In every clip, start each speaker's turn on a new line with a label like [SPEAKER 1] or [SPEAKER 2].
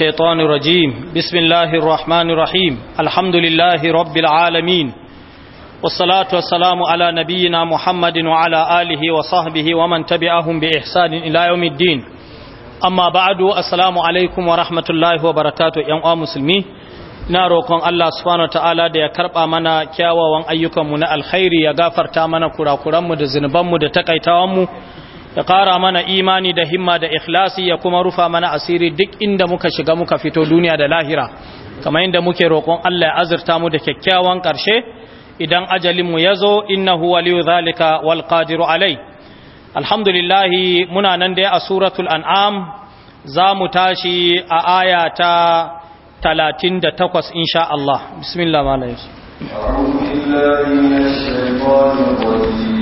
[SPEAKER 1] الشيطان الرجيم بسم الله الرحمن الرحيم الحمد لله رب العالمين والصلاة والسلام على نبينا محمد وعلى آله وصحبه ومن تبعهم بإحسان إلى يوم الدين أما بعد السلام عليكم ورحمة الله وبركاته يا مسلمين na roƙon Allah subhanahu ta'ala da ya karɓa mana kyawawan ayyukanmu na alkhairi ya gafarta mana kurakuranmu da zunubanmu da takaitawanmu ya ƙara mana imani da himma da ikhlasi ya kuma rufa mana asiri duk inda muka shiga muka fito duniya da lahira kamar inda muke roƙon Allah ya azurta mu da kyakkyawan ƙarshe idan ajalinmu ya zo innahu waliyu zalika wal qadiru alai Alhamdulillahi muna nan dai a suratul an'am za mu tashi a aya ta 38 insha Allah bismillah malayhi
[SPEAKER 2] أعوذ بالله من الشيطان الرجيم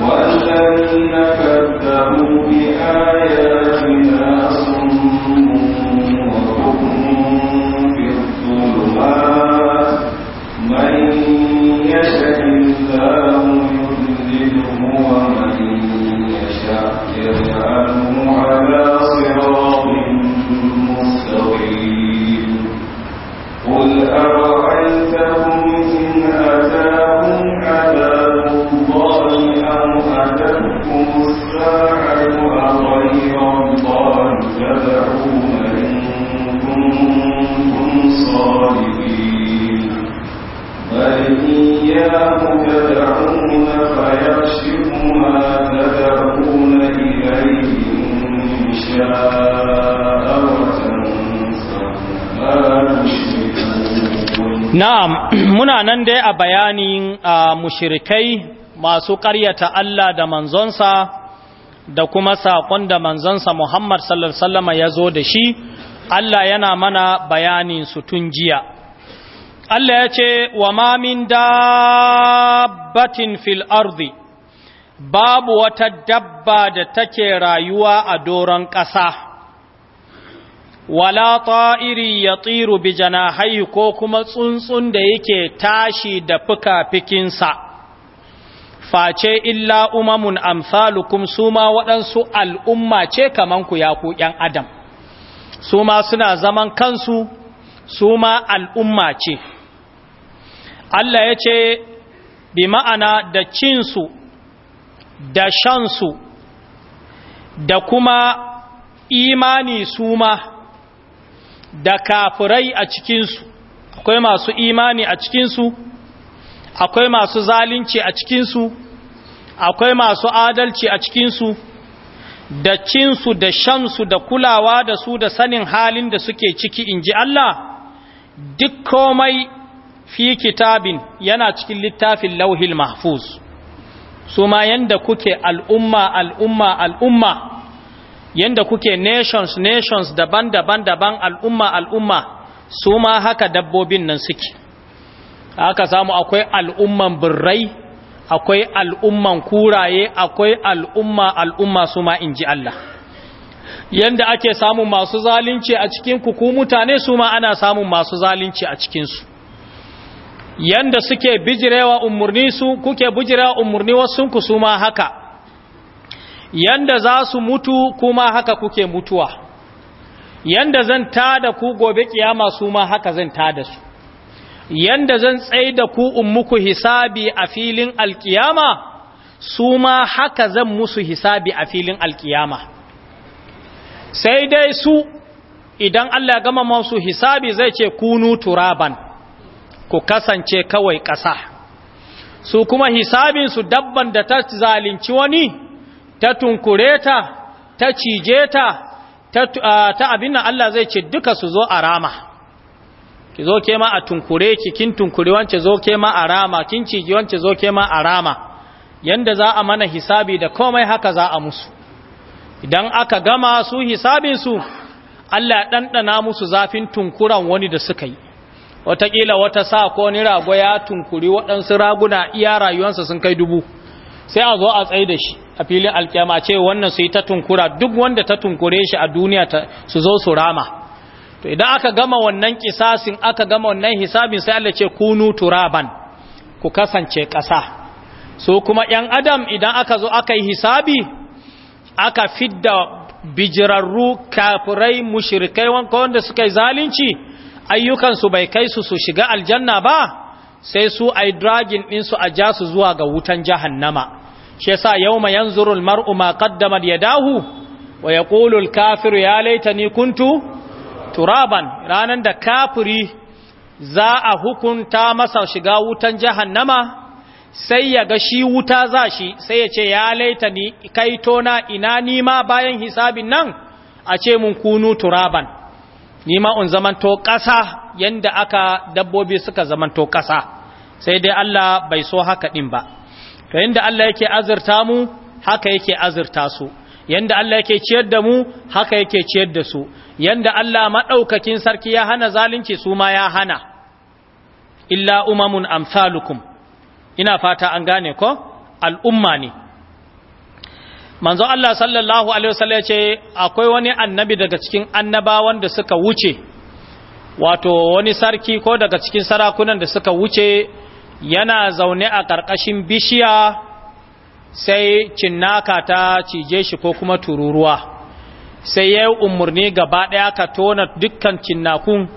[SPEAKER 2] والذين كذبوا بآياتنا Na'am,
[SPEAKER 1] muna nan dai a bayanin mushirikai masu ƙaryata Allah da manzonsa da kuma saƙon da manzonsa Muhammad sallallahu Alaihi ya zo da shi, Allah yana mana bayanin su tun jiya. Allah ya ce wa mamin dabbatin fil ardi babu wata dabba da take rayuwa a doron ƙasa wala ta'iri ya tsiru bi janahai ko kuma tsuntsun da yake tashi da fikafikinsa. face illa umamun amsalukum suma suma waɗansu al'umma ce ku ya ku ‘yan adam Suma suna zaman kansu suma al'umma ce’ Allah ya ce bi ma'ana da cinsu da shansu da kuma imani suma da kafurai a cikinsu akwai masu imani a cikinsu akwai masu zalunci a cikinsu akwai masu adalci a cikinsu da cinsu da shansu da kulawa da su da sanin halin da suke ciki in ji Allah duk komai fi kitabin yana cikin littafin lauhil mahfuz su ma yanda kuke al'umma al'umma al'umma yanda kuke nations nations daban-daban daban al'umma al'umma su ma haka dabbobin nan suke haka samu akwai al'umman birrai akwai al'umman kuraye akwai al'umma al'umma su ma in ji Allah yanda ake samun masu zalunci a cikin ku mutane su ma ana samun masu zalunci a cikinsu yanda suke bijirewa umarni su kuke bijirewa umarni wasu su ma haka yanda za su mutu kuma haka kuke mutuwa yanda zan tada ku gobe kiyama su ma haka zan tada su yanda zan tsaye da ku ummuku hisabi a filin alkiyama su ma haka zan musu hisabi a filin alkiyama sai dai su idan Allah ya gama masu hisabi zai ce kunu turaban ku kasance kawai ƙasa su kuma hisabinsu dabban da ta zalunci wani ta tunkure ta ta cije ta ta abin Allah zai ce duka su zo a rama ki zo ke ma a tunkure ki kin tunkure wance zo ke ma a rama kin cije wance zo ke ma a rama yanda za a mana hisabi da komai haka za a musu idan aka gama su hisabinsu Allah ya ɗanɗana musu zafin tunkuran wani da suka yi watakila wata sa ko ni rago ya tunkuri waɗansu raguna iya rayuwansa sun kai dubu sai a zo a tsaye da shi a filin alkyama ce wannan su yi ta tunkura duk wanda ta tunkure shi a duniya su zo su rama to idan aka gama wannan kisasin aka gama wannan hisabin sai Allah ce kunu turaban ku kasance ƙasa so kuma ‘yan adam idan aka zo aka yi hisabi aka fidda bijirarru kafirai mushirikai wanda suka yi zalunci ayyukansu bai kai su su shiga aljanna ba sai su ai dragin su a ja su zuwa ga wutan jahannama shi yasa yawma yanzuru mar'u ma ya yadahu wa yaqulu kafiru ya laitani kuntu turaban Ranar da kafiri za a hukunta masa shiga wutan jahannama sai ya ga shi wuta za shi sai ya ce ya laitani kaitona ina nima bayan hisabin nan a ce mun kunu turaban ni ma zamanto ƙasa yadda aka dabbobi suka zamanto ƙasa sai dai Allah bai so haka ɗin ba to yadda Allah yake azurta mu haka yake azurta su Yadda Allah yake ciyar da mu haka yake ciyar da su Yadda Allah maɗaukakin sarki ya hana zalunci su ma ya hana illa umamun amsalukum ina fata an gane ko al'umma ne manzo Allah sallallahu alaihi wasallam ce akwai wani annabi daga cikin annabawan da suka wuce wato wani sarki ko daga cikin sarakunan da suka wuce yana zaune a ƙarƙashin bishiya sai cinnaka ta cije shi ko kuma tururuwa sai ya yi umarni gaba ɗaya ka tona dukkan cinnakun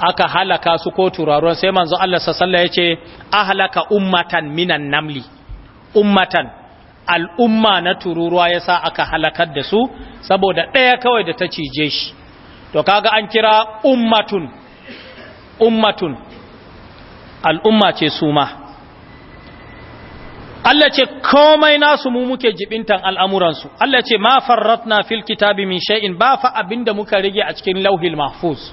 [SPEAKER 1] aka halaka su ko turaruwan sai manzo Allah wasallam ya ce a ummatan minan namli ummatan al'umma na tururuwa ya sa aka halakar da su saboda ɗaya kawai da ta cije shi to kaga an kira ummatun ummatun al'umma ce su ma Allah ce komai nasu mu muke jibintan al'amuransu Allah ce ma farratna fil kitabi min shay'in ba fa abinda muka rige a cikin lauhil mahfuz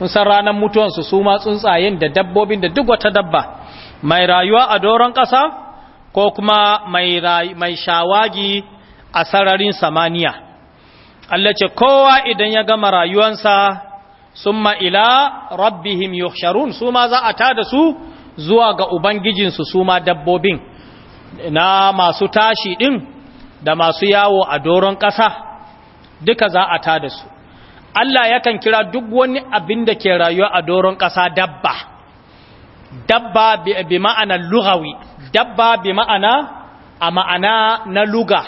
[SPEAKER 1] mun san ranar mutuwansu su ma tsuntsayen da dabbobin da duk wata dabba mai rayuwa a doron ƙasa ko kuma mai shawagi a sararin samaniya Allah ce kowa idan ya gama rayuwansa summa ila rabbihim yuhsharun su ma za a tada su zuwa ga ubangijinsu su ma dabbobin na masu tashi ɗin da masu yawo a doron ƙasa duka za a tada su Allah yakan kira duk wani abin da ke rayuwa a doron ƙasa dabba dabba bi ma'ana lughawi dabba bi ma'ana a ma'ana na luga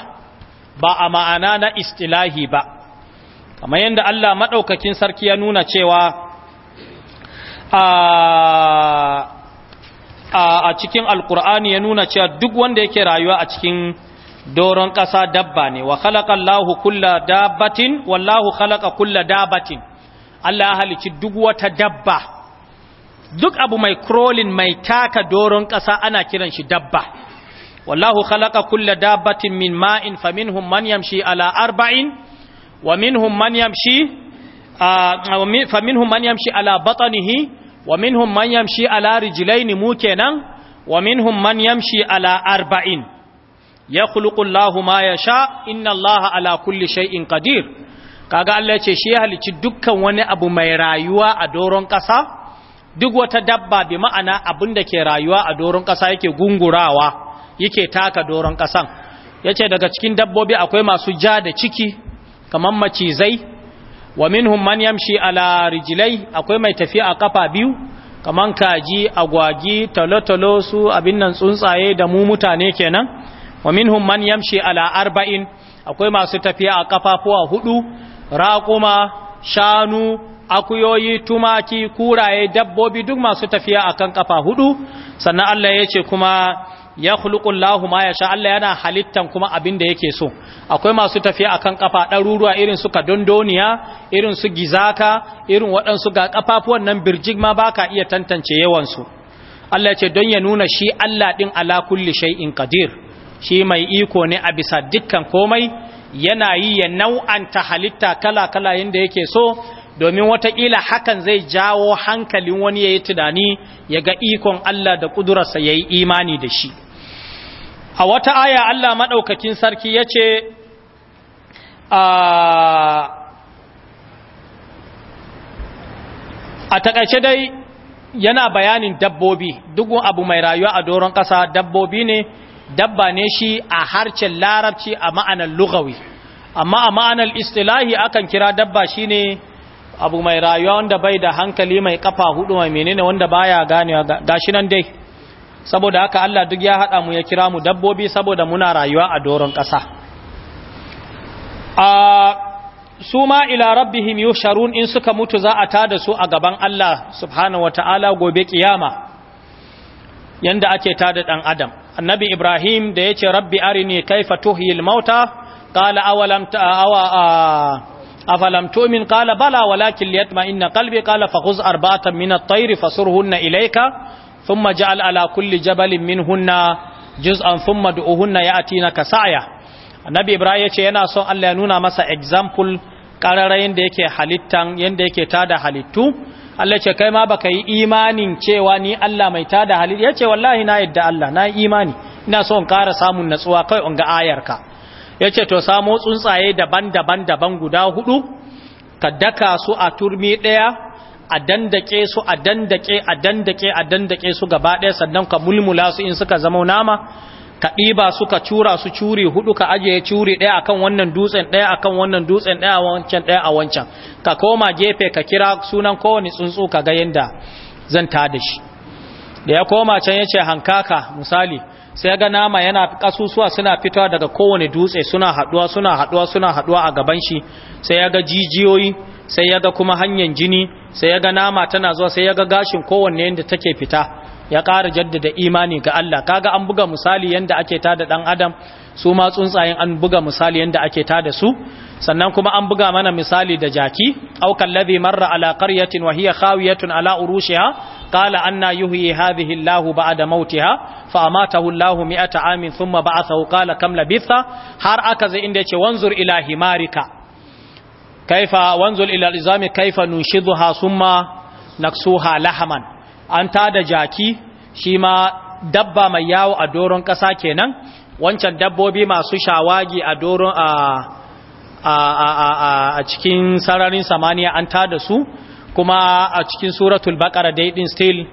[SPEAKER 1] ba a ma'ana na istilahi ba kamar yadda Allah maɗaukakin sarki ya nuna cewa a cikin alkur'ani ya nuna cewa duk wanda yake rayuwa a cikin doron ƙasa dabba ne wa Allahu kulla dabbatin wallahu khalaqa kulla dabbatin Allah ya halici duk wata dabba duk abu mai crawling mai taka doron ƙasa ana kiran shi dabba wallahu khalaqa kulla dabbatin min ma'in faminhum man yamshi ala arba'in wa minhum man yamshi faminhum man yamshi ala batnihi wa minhum man yamshi ala rijlaini mu kenan wa minhum man yamshi ala arba'in yakhluqu Allahu ma yasha inna Allaha ala kulli shay'in qadir kaga Allah ya ce shi halicci dukkan wani abu mai rayuwa a doron ƙasa duk wata dabba bi ma'ana abin da ke rayuwa a doron ƙasa yake gungurawa yake taka doron ƙasan Yace daga cikin dabbobi akwai masu ja da ciki kamar macizai wa minhum man yamshi ala rijilai akwai mai tafiya a ƙafa biyu kamar kaji agwagi talotalo su abin nan tsuntsaye da mu mutane kenan wa minhum man yamshi ala arba'in akwai masu tafiya a kafafuwa hudu raƙuma shanu akuyoyi tumaki kuraye dabbobi duk masu tafiya akan kafa hudu sannan Allah ya ce kuma ya khuluqullahu ma sha Allah yana halittan kuma abin da yake so akwai masu tafiya akan kafa ɗaruruwa irin su kadondoniya irin su gizaka irin waɗansu ga kafafuwan nan birjig ma baka iya tantance yawansu. Allah ya ce don ya nuna shi Allah ɗin ala kulli shay'in qadir shi mai iko ne a bisa dukkan komai yana yi ya nau'anta halitta kala kala yanda yake so domin wataƙila hakan zai jawo hankalin wani ya yi tunani ya ga ikon Allah da ƙudurarsa ya yi imani da shi a wata aya Allah maɗaukakin sarki ya ce a taƙaice dai yana bayanin dabbobi duk abu mai rayuwa a doron ƙasa dabbobi ne dabba ne shi a harshen larabci a ma'anar lugawi amma a ma'anar istilahi akan kira dabba shine ne abu mai rayuwa wanda bai da hankali mai kafa hudu mai menene wanda baya ganewa gashi nan dai saboda haka Allah duk ya hada mu ya kira mu dabbobi saboda muna rayuwa a doron kasa a su ma ila rabbihim yusharun in suka mutu za a tada su a gaban Allah subhanahu wataala gobe kiyama yanda ake tada dan adam annabi ibrahim da yace rabbi arini kaifa tuhyil mauta qala awalam ta awa afalam tu'min qala bala walakin liyatma inna qalbi qala fakhuz arbatan min at-tayr fasurhunna ilayka thumma ja'al ala kulli jabalin minhunna juz'an thumma du'uhunna ya'tinaka sa'ya annabi ibrahim yace yana son Allah ya nuna masa example kararayin da yake halittan yanda yake tada halittu Allah ce kai ma baka yi imanin cewa ni Allah mai tada halittu yace wallahi na yadda Allah na imani ina in kara samun natsuwa kai on ga ayarka ya ce to samo tsuntsaye daban-daban daban guda hudu ka daka su a turmi daya a dandake su a dandake a dandake a dandake su gaba daya sannan ka mulmula su in suka zama nama ka ɗiba su ka cura su curi hudu ka ajiye curi ɗaya akan wannan dutsen ɗaya akan wannan dutsen ɗaya a wancan ɗaya a wancan ka koma gefe ka kira sunan kowane tsuntsu ka ga yadda zan ta da shi da ya koma can ya ce hankaka misali sai ga nama yana kasusuwa suna fitowa daga kowane dutse suna haduwa suna haduwa suna haduwa a gaban shi sai ya ga jijiyoyi sai ya ga kuma hanyar jini sai ya ga nama tana zuwa sai ya ga gashin kowanne yadda take fita ya ƙara jaddada imani ga Allah kaga an buga misali yanda ake tada dan adam su ma tsuntsayen an buga misali yanda ake tada su sannan kuma an buga mana misali da jaki aukan kallazi marra ala qaryatin wa hiya khawiyatun ala urushiha qala anna yuhyi hadhihi Allahu ba'da mautiha fa amatahu Allahu mi'ata amin thumma ba'athahu qala kam labitha har aka zai inda yace wanzur ila himarika kaifa wanzur ila izami kaifa nushidha thumma naksuha lahaman an tada jaki shi ma dabba mai yawo a doron ƙasa kenan wancan dabbobi masu shawagi a doron a cikin sararin samaniya an tada su kuma a cikin suratul baqara daidin still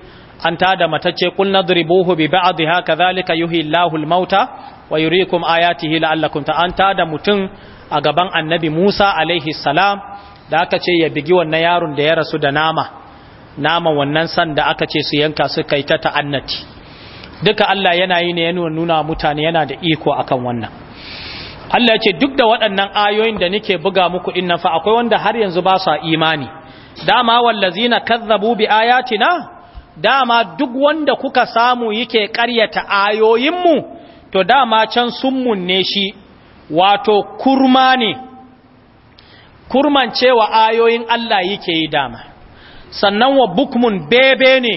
[SPEAKER 1] an tada matacce kul nadribuhu bi ba'dha kadhalika yuhyi Allahu al-mauta wa yuriikum ayatihi la'allakum ta an tada mutun a gaban annabi Musa alaihi salam da aka ce ya bigi wannan yaron da ya rasu da nama naman wannan sanda aka ce su yanka suka yi ta ta'annati duka Allah yana yi ne yana nuna mutane yana da iko akan wannan Allah ya ce duk da waɗannan ayoyin da nake buga muku din nan fa akwai wanda har yanzu ba su imani dama wallazina kazzabu bi ayatina dama duk wanda kuka samu yake ƙaryata ayoyinmu to dama can sun munne shi wato kurma ne kurman cewa ayoyin Allah yake yi dama sannan wa bukmun bebe ne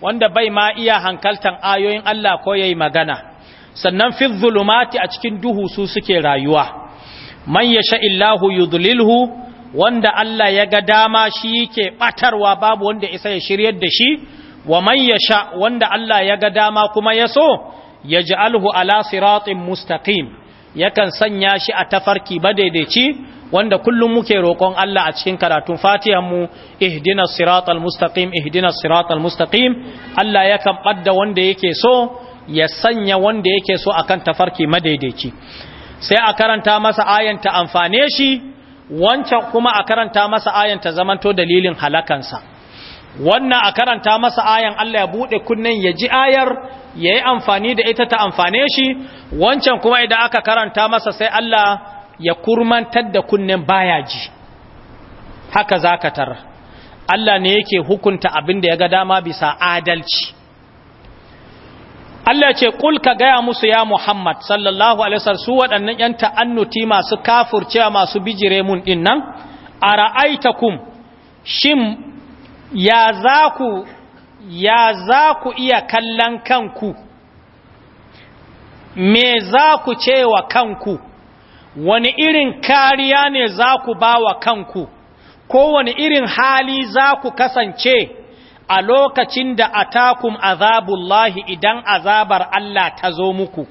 [SPEAKER 1] wanda bai ma iya hankaltan ayoyin Allah ko yayi magana sannan fi zulumati a cikin duhu su suke rayuwa man yasha illahu yudlilhu wanda Allah ya ga dama shi yake batarwa babu wanda isa ya shiryar da shi wa man yasha wanda Allah ya ga dama kuma ya so yaj'alhu ala siratin mustaqim yakan sanya shi a tafarki badaidaici wanda kullum muke roƙon Allah a cikin karatun mu ihdina siratal mustaqim ihdina siratal mustaqim Allah ya kan ɓadda wanda yake so ya sanya wanda yake so akan tafarki madaidaici sai a karanta masa ayan ta amfane shi wancan kuma a karanta masa ayan ta zamanto dalilin halakansa wannan a karanta masa ayan Allah ya bude kunnen ya ji ayar ya yi amfani da ita ta amfane shi wancan kuma idan aka karanta masa sai Allah ya kurmantar da kunnen baya ji haka tara Allah ne yake hukunta abin da ya ga dama bisa adalci Allah ce kul ka gaya musu ya Muhammad sallallahu alaihi wasallam su waɗannan yan ta'annuti masu kafurcewa masu bijire mun din nan ara'aitakum shin ya za ku ya za ku iya kallon kanku me za ku cewa kanku wani irin kariya ne za ku ba wa kanku ko wani irin hali za ku kasance a lokacin da a atakum azabullahi idan azabar Allah ta zo muku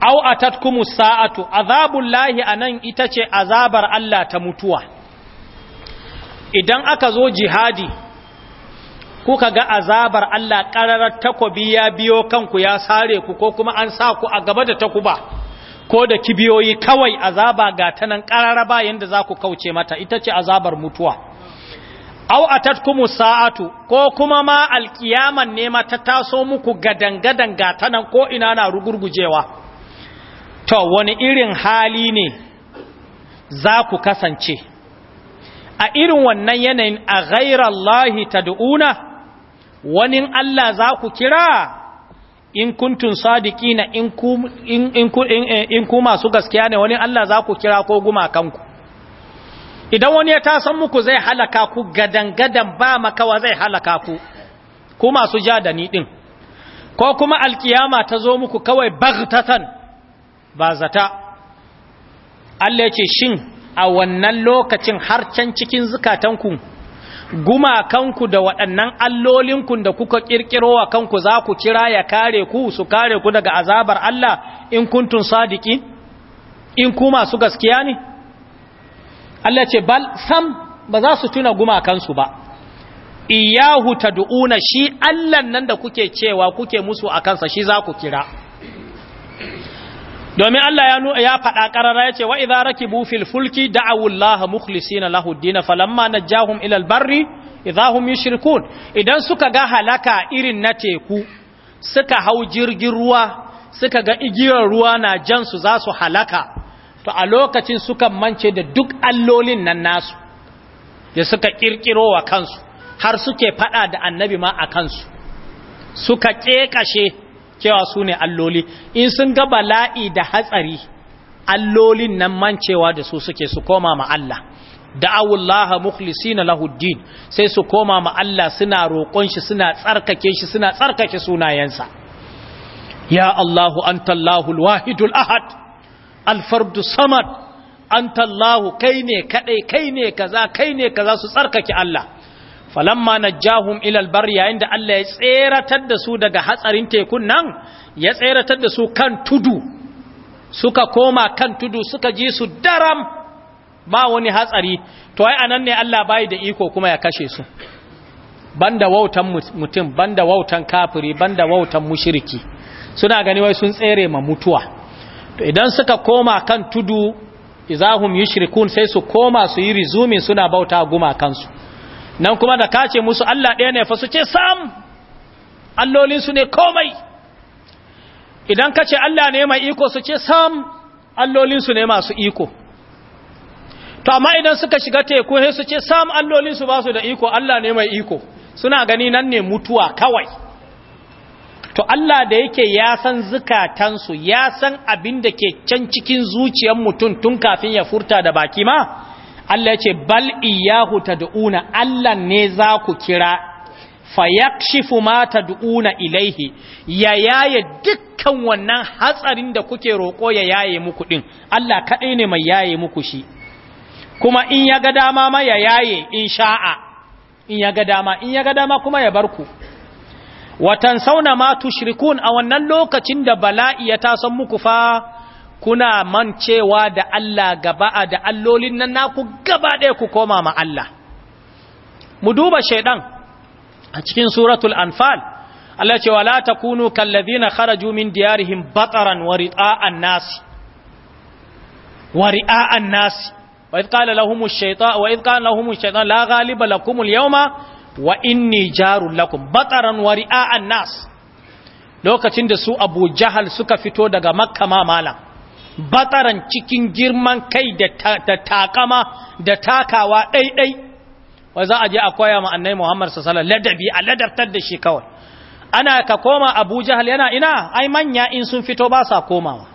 [SPEAKER 1] au a atatkumu sa'atu azabullahi nan ita ce azabar Allah ta mutuwa idan aka zo jihadi kuka ga azabar Allah ƙararar takobi ya biyo kanku ya sare ku ko kuma an sa ku a gaba da takuba ko da kibiyoyi kawai azaba ga ta nan bayan da za ku kauce mata ita ce azabar mutuwa au atatkumu sa'atu ko kuma ma alkiyaman nema ta taso muku gadangadan ga ta nan ko ina na rugurgujewa to wani irin hali ne za ku kasance a irin wannan yanayin a ghairallahi tad'una wani Allah za ku kira in kuntun sadiqina in ku masu gaskiya ne wani Allah za ku kira ko guma kanku idan wani ya tasan muku zai halaka ku gadan gadan ba makawa zai halaka ku ku masu ja da ni ko kuma alkiyama ta zo muku kawai bagtatan ba zata Allah ya ce shin a wannan lokacin har can cikin zukatanku gumakanku da waɗannan allolinku da kuka ƙirƙiro wa kanku za ku kira ya kare ku su kare ku daga azabar Allah in kuntun sadiki in ku masu gaskiya ne Allah ce bal sam ba za su tuna gumakansu ba iyahu tad'una shi Allah nan da kuke cewa kuke musu a kansa shi za ku kira domin Allah ya faɗa ƙarara ya ce wa idza raki fil fulki da'awu Allah mukhlisina lahuddina dina falamma najahum ila al barri idza hum idan suka ga halaka irin na teku suka hau jirgin ruwa suka ga igiyar ruwa na jan su za su halaka to a lokacin suka mance da duk allolin nan nasu da suka ƙirƙiro wa kansu har suke faɗa da annabi ma a kansu suka ƙeƙashe cewa su ne alloli in sun ga bala'i da hatsari allolin nan mancewa da su suke su koma ma Allah da'awullaha mukhlisina lahuddin sai su koma ma Allah suna roƙon shi suna tsarkake shi suna tsarkake sunayensa ya Allahu anta Allahul wahidul ahad alfardu samad anta Allahu kai ne kadai kai ne kaza kai ne kaza su tsarkake Allah falamma najjahum ila albar yayin da Allah ya tseratar da su daga hatsarin tekun nan ya tseratar da su kan tudu suka koma kan tudu suka ji su daram ba wani hatsari to ai anan ne Allah bai da iko kuma ya kashe su banda wautan mutum banda wautan kafiri banda wautan mushriki suna gani wai sun tsere ma mutuwa to idan suka koma kan tudu izahum yushrikun sai su koma su yi rizumin suna bauta guma kansu nan kuma da kace musu Allah ɗaya ne fa su ce sam allolinsu ne komai idan kace Allah ne mai iko su ce sam allolinsu ne masu iko to amma idan suka shiga teku sai su ce sam allolinsu ba su da iko Allah ne mai iko suna gani nan ne mutuwa kawai to Allah da yake ya san zukatansu ya san abin da ke can cikin zuciyar mutum tun kafin ya furta da baki ma Allah ya ce bal iyahu tad'una Allah ne za ku kira fayakshifu ma tad'una ilaihi ya yaye dukkan wannan hatsarin da kuke roƙo ya yaye muku ɗin. Allah kadai ne mai yaye muku shi kuma in ya ga dama ma ya yaye in sha'a in ya ga dama in ya ga dama kuma ya barku watan sauna ma tushrikun a wannan lokacin da bala'i ya tasan muku fa kuna mancewa da Allah gaba da allolin nan naku gaba ɗaya ku koma ma Allah mu duba shaidan a cikin suratul anfal Allah ce wala takunu kallazina kharaju min diyarihim bataran wa ri'a'an nas wa ri'a'an nas wa idh qala lahum wa la wa inni jarul lakum Bakaran wa ri'a'an nasi. lokacin da su Abu Jahal suka fito daga Makka ma malam bataran cikin girman kai da takama da takawa ɗaiɗai wai za a je a koya ma annai Muhammad sallallahu ladabi a ladabtar da shi kawai ana ka koma Abu yana ina ai manya in sun fito ba sa komawa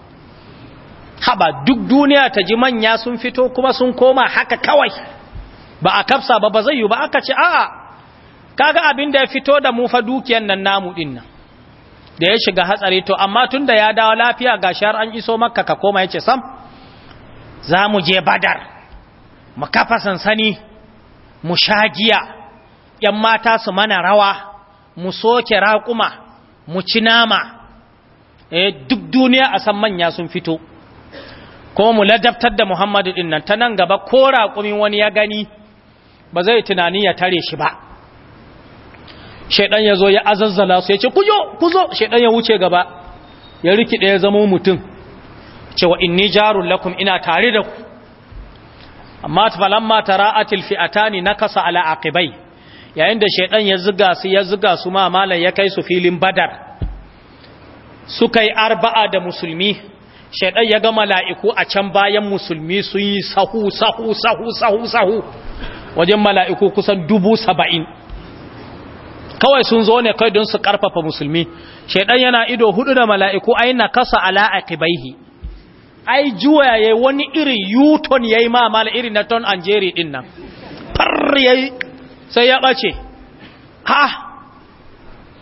[SPEAKER 1] haba duk duniya ta ji manya sun fito kuma sun koma haka kawai ba a kafsa ba ba zai yi ba aka ce a'a kaga abin da ya fito da mu fa dukiyan nan namu dinnan. da ya shiga hatsari to amma tun ya dawo lafiya ga shahar an iso makka ka koma ya ce sam za mu je badar mu kafa sansani mu shagiya ‘yan mata su mana rawa mu soke raƙuma mu ci nama e, duk duniya a san manya sun fito ko mu ladabtar da muhammadu ɗin nan ta nan gaba ko raƙumin wani ya gani ba zai tunani ya tare shi ba shaidan ya zo ya azazzala su ya ce ku kuzo shaidan ya wuce gaba ya rikide ya zama mutum cewa inni jarul lakum ina tare da ku amma falamma tara'atil fi'atani nakasa ala aqibai yayin da shaidan ya zuga su ya zuga su ma malan ya kai su filin badar suka yi arba'a da musulmi shaidan ya ga mala'iku a can bayan musulmi su yi sahu sahu sahu sahu sahu wajen mala'iku kusan dubu saba'in kawai sun zo ne kai don su karfafa musulmi shaidan yana ido hudu da mala'iku ai na kasa ala aqibaihi ai juwa yayi wani irin yuton yayi ma mala irin na ton anjeri din nan far yayi sai ya bace ha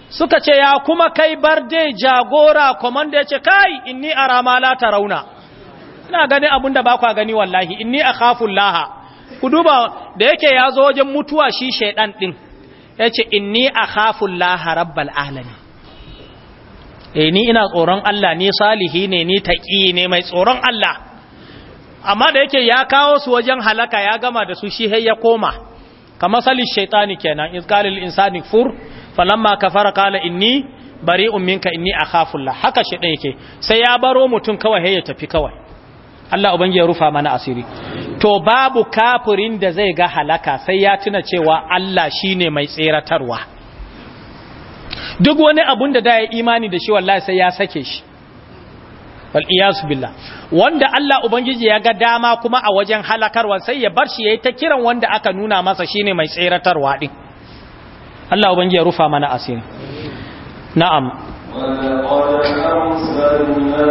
[SPEAKER 1] suka ce ya kuma kai barde jagora komanda ya ce kai inni ara ma la ina gani abinda ba kwa gani wallahi inni akhafu laha ku duba da yake ya zo wajen mutuwa shi shaidan din ya ce inni a khafun laharabbal alami e eh, ni ina tsoron Allah ni salihi ne ni taƙi ne mai tsoron Allah amma da yake ya kawo su wajen halaka ya gama da su shi hai ya koma kama salin shaitani kenan iskalil insani fur falamma kafara kala inni bari umminka inni a la haka shi ɗaya ke sai ya baro mutum kawai hai ya tafi kawai Allah ubangi ya rufa mana asiri to babu kafirin da zai ga halaka sai ya tuna cewa Allah shine mai tseratarwa duk wani abun da da imani da shi wallahi sai ya sake shi wal iyas wanda Allah ubangiji ya ga dama kuma a wajen halakarwa sai ya bar shi ya yi ta kiran wanda aka nuna masa shine mai tseratarwa din Allah ubangiji ya rufa mana asiri na'am
[SPEAKER 2] wa arsalna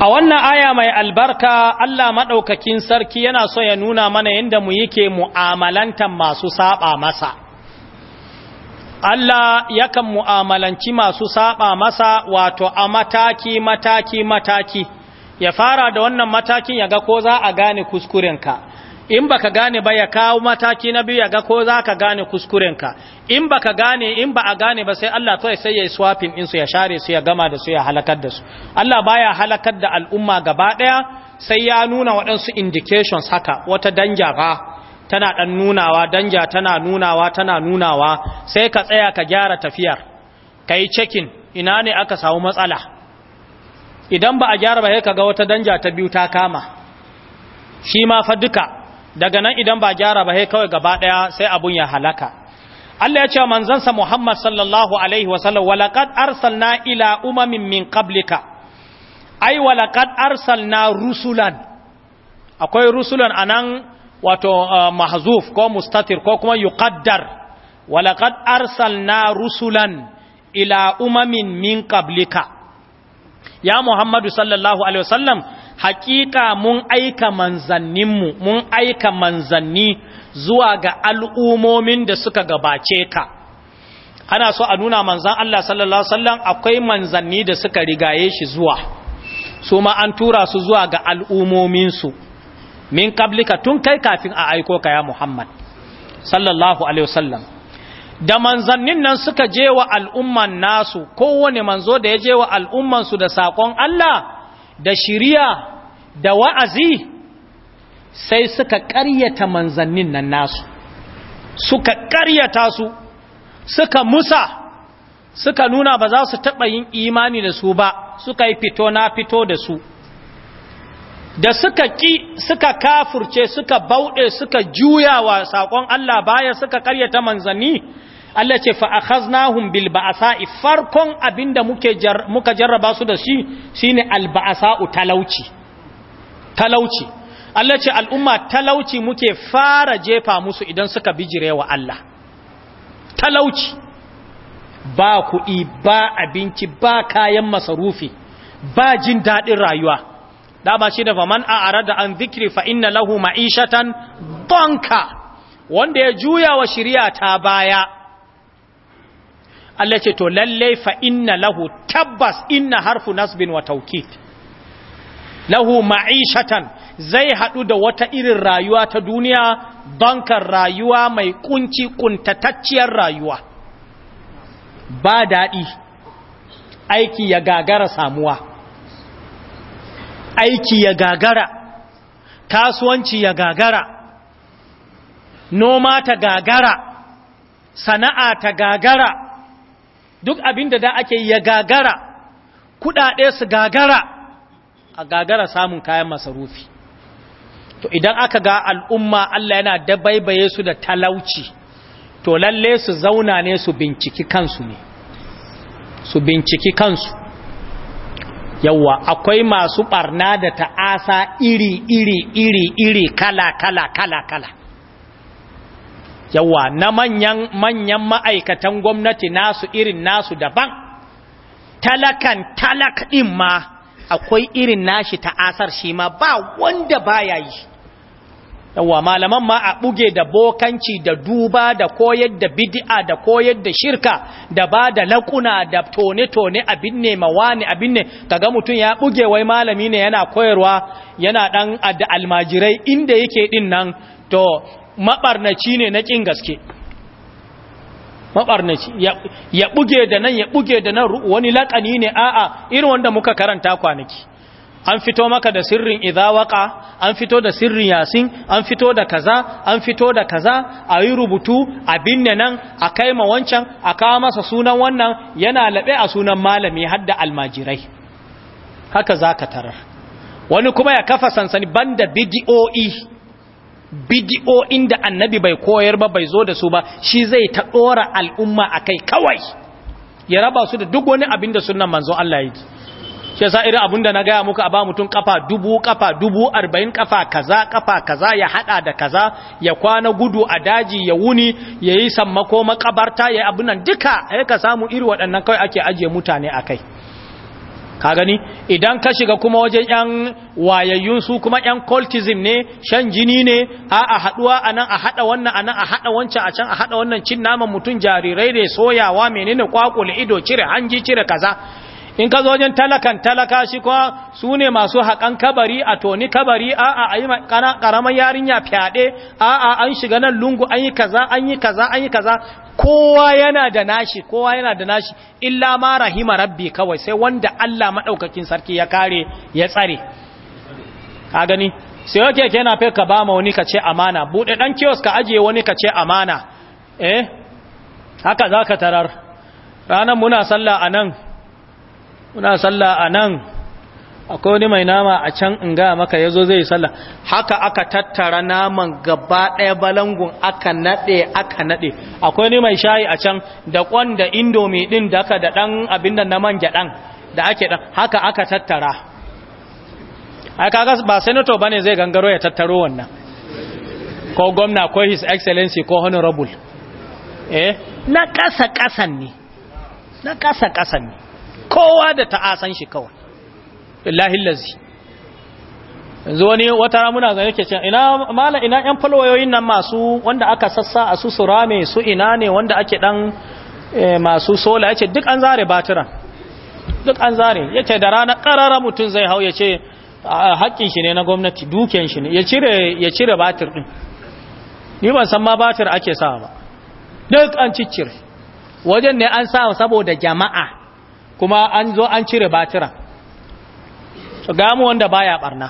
[SPEAKER 1] a wannan aya mai albarka Allah maɗaukakin sarki yana so ya nuna mana yadda mu yake mu'amalantan masu saba masa Allah yakan mu'amalanci masu saba masa wato a mataki mataki mataki ya fara da wannan matakin ya ga ko za a gane kuskurenka in baka gane ba ya kawo mataki na biyu ya ga ko za ka gane kuskurenka in baka gane in ba a gane ba sai Allah kawai sai ya yi swapping ɗinsu ya share su ya gama da su ya halakar da su Allah baya halakar da al'umma gaba ɗaya sai ya nuna waɗansu indications haka wata danja ba tana ɗan nunawa danja tana nunawa tana nunawa sai ka tsaya ka gyara tafiyar ka yi cekin ina ne aka samu matsala idan ba a gyara ba sai ka ga wata danja ta biyu ta kama shi ma fa duka daga nan idan ba gyara ba sai kawai gaba daya sai abun ya halaka Allah ya ce manzansa Muhammad sallallahu alaihi wasallam walaqad arsalna ila umamin min qablika ai walaqad arsalna rusulan akwai rusulan anan wato uh, mahzuf ko mustatir ko kuma yuqaddar walaqad arsalna rusulan ila umamin min qablika ya Muhammadu sallallahu alaihi sallam. hakika mun aika manzanninmu mun aika manzanni zuwa ga al'umomin da suka gabace ka ana so a nuna manzan Allah sallallahu Alaihi akwai manzanni da suka rigaye shi zuwa su ma an tura su zuwa ga al'umominsu min kablika tun kai kafin a aiko ka ya Muhammad sallallahu Alaihi wasallam da manzannin nan suka je wa al'umman nasu kowane manzo da ya je wa su da saƙon Allah da shiriya da wa'azi sai suka ƙaryata manzannin nan nasu suka ƙaryata su suka musa suka nuna ba za su taɓa yin imani da su ba suka yi fito na fito da su da suka ƙi suka kafurce suka bauɗe suka juyawa saƙon Allah baya suka ƙaryata manzanni Allah ce fa akhaznahum bil ba'sa'i farkon abinda muke jar, muka jarraba su da shi shine al talauci talauci Allah ce al'umma talauci muke fara jefa musu idan suka jirewa Allah talauci ba kuɗi ba abinci ba kayan masarufi ba jin daɗin rayuwa dama shi da faman a arada an zikiri fa inna lahu ma'ishatan banka wanda ya juya wa shirya ta baya Allah ce to lallai fa inna lahu tabbas inna harfu nasbin wa lahu ma'ishatan zai hadu da wata irin rayuwa ta duniya bankan rayuwa mai kunci kuntatacciyar rayuwa ba daɗi aiki ya gagara samuwa aiki ya gagara kasuwanci ya gagara noma ta gagara sana'a ta gagara duk abin da da ake ya gagara kudade su gagara a gagara samun kayan masarufi to idan aka ga al'umma Allah yana dabaibaye su da talauci to lalle su zauna ne su binciki kansu ne su binciki kansu yawa akwai masu barna da ta'asa iri iri iri iri kala kala kala kala yawa na manyan manyan ma'aikatan gwamnati nasu irin nasu daban talakan talak din ma akwai irin nashi ta'asar shi ma ba wanda baya yi yawa malaman ma a buge da bokanci da duba da koyar da bid'a da koyar da shirka da ba da lakuna da tone-tone abin ne mawani abin ne kaga mutum ya buge wai malami ne yana koyarwa yana dan da almajirai inda yake din nan to maɓarnaci ne na ƙin gaske maɓarnaci ya ɓuge da nan ya ɓuge da nan wani laƙani ne a'a irin wanda muka karanta kwanaki an fito maka da sirrin idawaka an fito da sirrin yasin an fito da kaza an fito da kaza a yi rubutu a binne nan a kai ma wancan a kawo masa sunan wannan yana laɓe a sunan malami da almajirai haka za ka tarar wani kuma ya kafa sansani banda bidiyo'i bidiyoyin da annabi bai koyar ba bai zo da su ba shi zai ta dora al'umma kai kawai ya raba su da duk wani abin da sunnan manzo Allah yake shi yasa irin abin da na gaya muku a ba mutum kafa dubu kafa dubu arba'in kafa kaza kafa kaza ya hada da kaza ya kwana gudu a daji ya wuni ya yi sammako makabarta ya yi abin nan duka ya ka samu iri waɗannan kawai ake ajiye mutane akai ka gani idan ka shiga kuma wajen yan wayayyun su kuma yan cultism ne shan jini ne a a haduwa anan a hada wannan anan a hada wancan a can a hada wannan cin naman mutum jarirai ne soyawa menene kwakule ido cire hanji cire kaza in ka zo wajen talakan talaka shi kuwa su ne masu haƙan kabari a toni kabari a a yi ƙaramar yarinya fyaɗe a a an shiga nan lungu an yi kaza an yi kaza an yi kaza kowa yana da nashi kowa yana da nashi illa ma rahima rabbi kawai sai wanda Allah maɗaukakin sarki ya kare ya tsare ka gani sai yake na fe ka ba ma wani ka ce amana buɗe ɗan kiosk ka ajiye wani ka ce amana eh haka za ka tarar ranar muna sallah a nan muna sallah a nan akwai wani mai nama a can in ga maka ya zo zai sallah haka aka tattara naman gaba ɗaya balangun aka naɗe aka naɗe akwai wani mai shayi a can da ƙwan da indomi ɗin da aka da ɗan abin da na manja ɗan da ake ɗan haka aka tattara aka ba senator ba ne zai gangaro ya tattaro wannan ko gwamna ko his excellency ko honorable eh na ƙasa ƙasan ne na ƙasa ƙasan ne kowa da ta'asan shi kawai billahi lazi yanzu wani wata ramuna zai yake cewa ina mala ina yan falwayoyin nan masu wanda aka sassa a su surame su ina ne wanda ake dan eh, masu sola yace duk an zare batiran duk an zare yace da rana karara mutun zai hau yace haƙƙin shi ne na gwamnati duken shi ne ya cire ya cire batir din ni ban san ma batir ake sa ba duk an ciccire wajen ne an sa saboda jama'a kuma an zo an cire batira so gamu wanda baya barna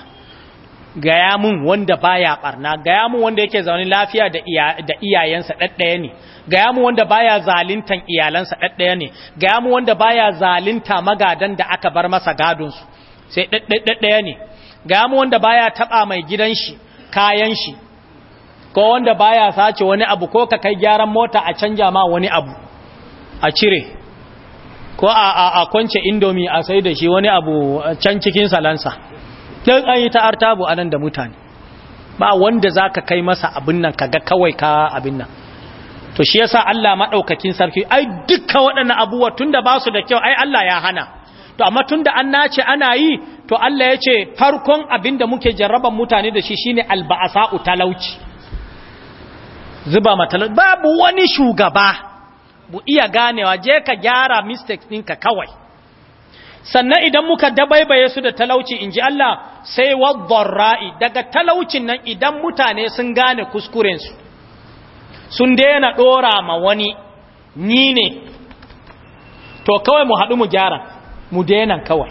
[SPEAKER 1] gaya mun wanda baya barna gaya mun wanda yake zaune lafiya da da iyayensa daddaya ne gaya mun wanda baya zalintan iyalansa daddaya ne gaya mun wanda baya zalinta magadan da aka bar masa gadon su sai daddaya ne gaya mun wanda baya taba mai gidan shi kayan shi ko wanda baya sace wani abu ko ka kai gyaran mota a canja ma wani abu a cire ko a kwance indomi a sai da shi wani abu can cikin salansa don an yi ta'ar tabu a da mutane ba wanda za ka kai masa abin nan kaga kawai ka abin nan to shi yasa Allah maɗaukakin sarki ai dukkan waɗannan abubuwa tun da ba su da kyau ai Allah ya hana to amma tun da an nace ana yi to Allah ya ce farkon abin da muke jarraban mutane da shi shine alba'asa'u talauci zuba matalauci babu wani shugaba Bu iya ganewa je ka gyara mistakes ɗinka kawai sannan idan muka dabaibaye su da talauci in ji Allah sai ra'i daga talaucin nan idan mutane sun gane kuskurensu sun daina ɗora ma wani ni ne to kawai mu haɗu mu gyara mu daina kawai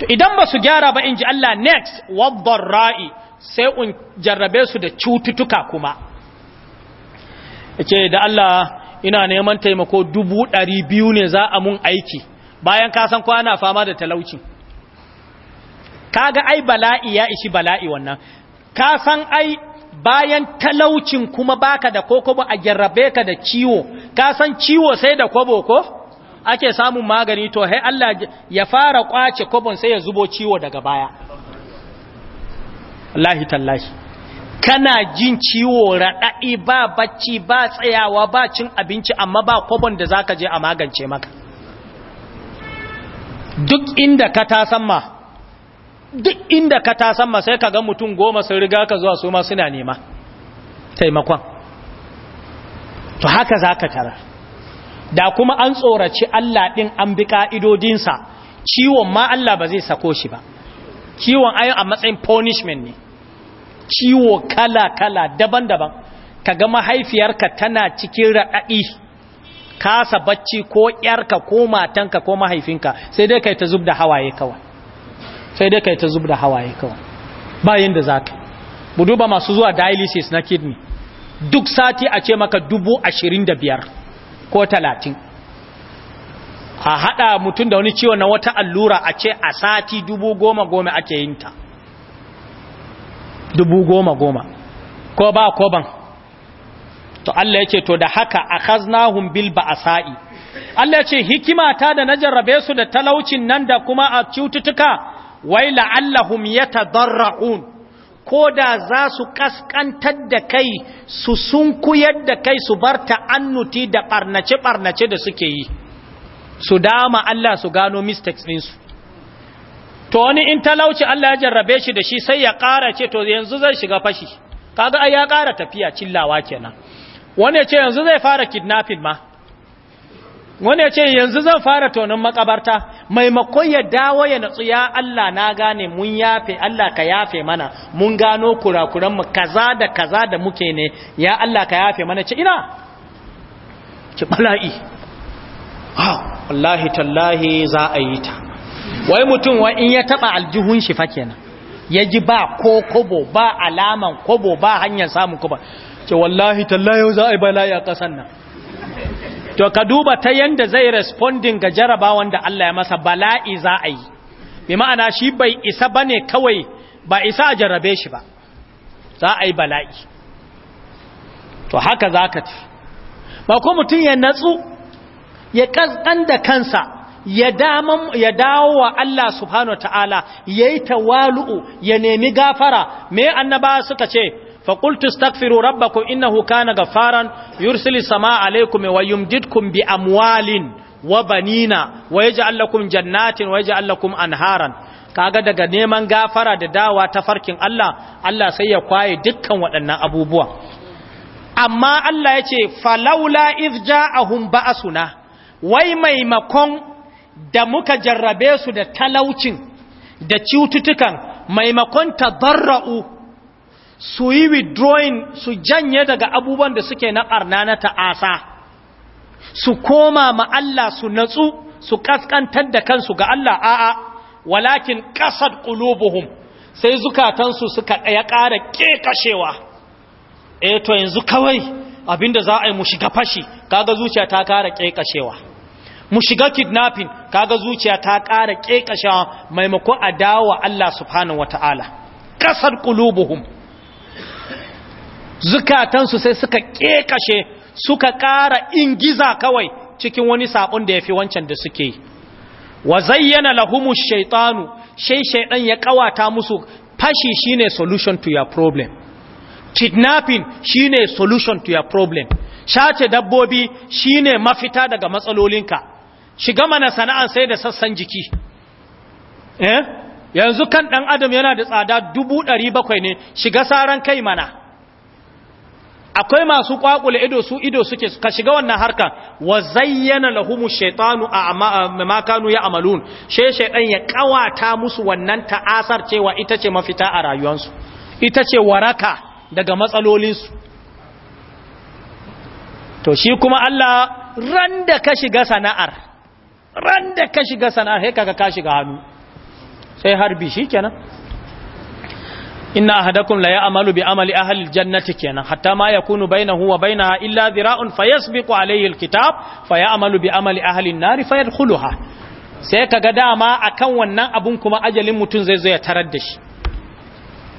[SPEAKER 1] to idan ba su gyara ba in ji Allah next ra'i sai un jarrabe su da cututtuka kuma ce da Allah ina neman taimako dubu ɗari biyu ne za a mun aiki bayan kasan kwana fama da talauci kaga ai bala'i ya ishi bala'i wannan kasan ai bayan talaucin kuma baka da kokobo a jarrabe ka da ciwo kasan ciwo sai da kobo ko ake samun magani to hai Allah ya fara kwace kobon sai ya zubo ciwo daga baya Allah tallahi kana jin ciwo raɗaɗi ba bacci ba tsayawa ba cin abinci amma ba kwabon da za je a magance maka duk inda ka tasamma duk inda ka tasamma sai ka ga mutum goma sun riga ka zuwa su ma suna nema taimakon to haka za ka tara. da kuma an tsoraci Allah ɗin an bi ƙa'idodinsa ciwon ma Allah ba zai sako shi ba ciwon ayon a matsayin punishment ne ciwo kala-kala daban-daban ka ga mahaifiyarka tana cikin raɗaɗi kasa bacci ko ƴarka ko matanka ko mahaifinka sai dai kai ta zub da hawaye kawai sai dai kai ta zub da hawaye kawai bayan da zaka ba masu zuwa dialysis na kidney duk sati a ce maka dubu ashirin da biyar ko talatin a haɗa mutum da wani ciwo na wata allura a ce a sati dubu goma goma ake yinta dubu goma goma ko ba koban to Allah ya ce to da haka a kaznahun bil sa'i Allah ya ce hikimata da na jarrabe su da talaucin nan da kuma a cututtuka wai la'allahum yatadarra'un ko da za su kaskantar da kai su sunkuyar da kai su bar annuti da ɓarnace-ɓarnace da suke yi su dama Allah su gano mistakes ɗinsu to wani in talauci Allah ya jarrabe shi da shi sai ya ƙara ce to yanzu zai shiga fashi kaga ai ya ƙara tafiya cillawa kenan wani ce yanzu zai fara kidnapping ma wani ya ce yanzu zan fara tonin makabarta maimakon ya dawo ya natsu ya Allah na gane mun yafe Allah ka yafe mana mun gano kurakuranmu kaza da kaza da muke ne ya Allah ka yafe mana ce ina ki bala'i wallahi tallahi za a yi ta wai mutum wa in ya taba aljihun shi fa kenan ya ji ba ko kobo ba alaman kobo ba hanyar samun kobo ce wallahi yau za a yi bala'i a kasan nan to ka duba ta yanda zai responding ga jarabawan da Allah ya masa bala'i za a yi bi ma'ana shi bai isa bane kawai ba isa a jarabe shi ba za a yi bala'i to haka za ka ci ba ko mutum ya natsu ya ƙasƙan da kansa ya dawo wa Allah subhanahu wa ta'ala ya yi tawalu'u ya nemi gafara me annaba suka ce faƙultu stakfiru rabbakum innahu kana gafaran yursili sama alaikum wa yumdidkum bi amwalin wa banina wa yaj'al jannatin wa yaj'al lakum anharan kaga daga neman gafara da dawa ta farkin Allah Allah sai ya kwaye dukkan waɗannan abubuwa amma Allah ya ce falaula iz ja'ahum ba'asuna wai maimakon da muka jarrabe su da talaucin da cututtukan maimakon ta tadarra'u su yi withdrawing su janye daga abubuwan da suke na ɓarna na ta'asa su koma ma Allah su natsu su kaskantar da kansu ga Allah a'a walakin ƙasar ƙulubuhum sai zukatansu suka ya ƙara ƙeƙashewa e to yanzu kawai abinda za a yi mu shiga fashi kaga zuciya ta ƙara ƙeƙashewa mu shiga kidnapping kaga zuciya ta ƙara ƙeƙasha maimako a dawa Allah subhanahu wata'ala ƙasar ƙulubuhum zukatansu sai suka ƙeƙashe suka ƙara ingiza kawai cikin wani saƙon da ya fi wancan da suke yi wa zayyana lahumu shaitanu shai shaidan ya ƙawata musu fashi shine solution to your problem kidnapping shine solution to your problem shace dabbobi shine mafita daga matsalolinka shiga mana sana'an sai da sassan jiki eh yanzu kan dan adam yana da tsada 700 ne shiga saran kai mana akwai masu kwakule ido su ido suke ka shiga wannan harkan wa zayyana lahumu shaytanu ma kanu amalun she shaydan ya kawata musu wannan ta'asar cewa ita ce mafita a rayuwarsu ita ce waraka daga matsalolinsu to shi kuma Allah randa ka shiga sana'ar ran da ka shiga sana'a sai kaga ka shiga hannu sai harbi shikenan inna ahadakum la ya'malu bi amali ahli aljannati kenan hatta ma yakunu bainahu wa bainaha illa dhira'un fayasbiqu alayhi alkitab fayamalu bi amali ahli an-nar fayadkhuluha sai kaga dama akan wannan abun kuma ajalin mutun zai zo ya tarar da shi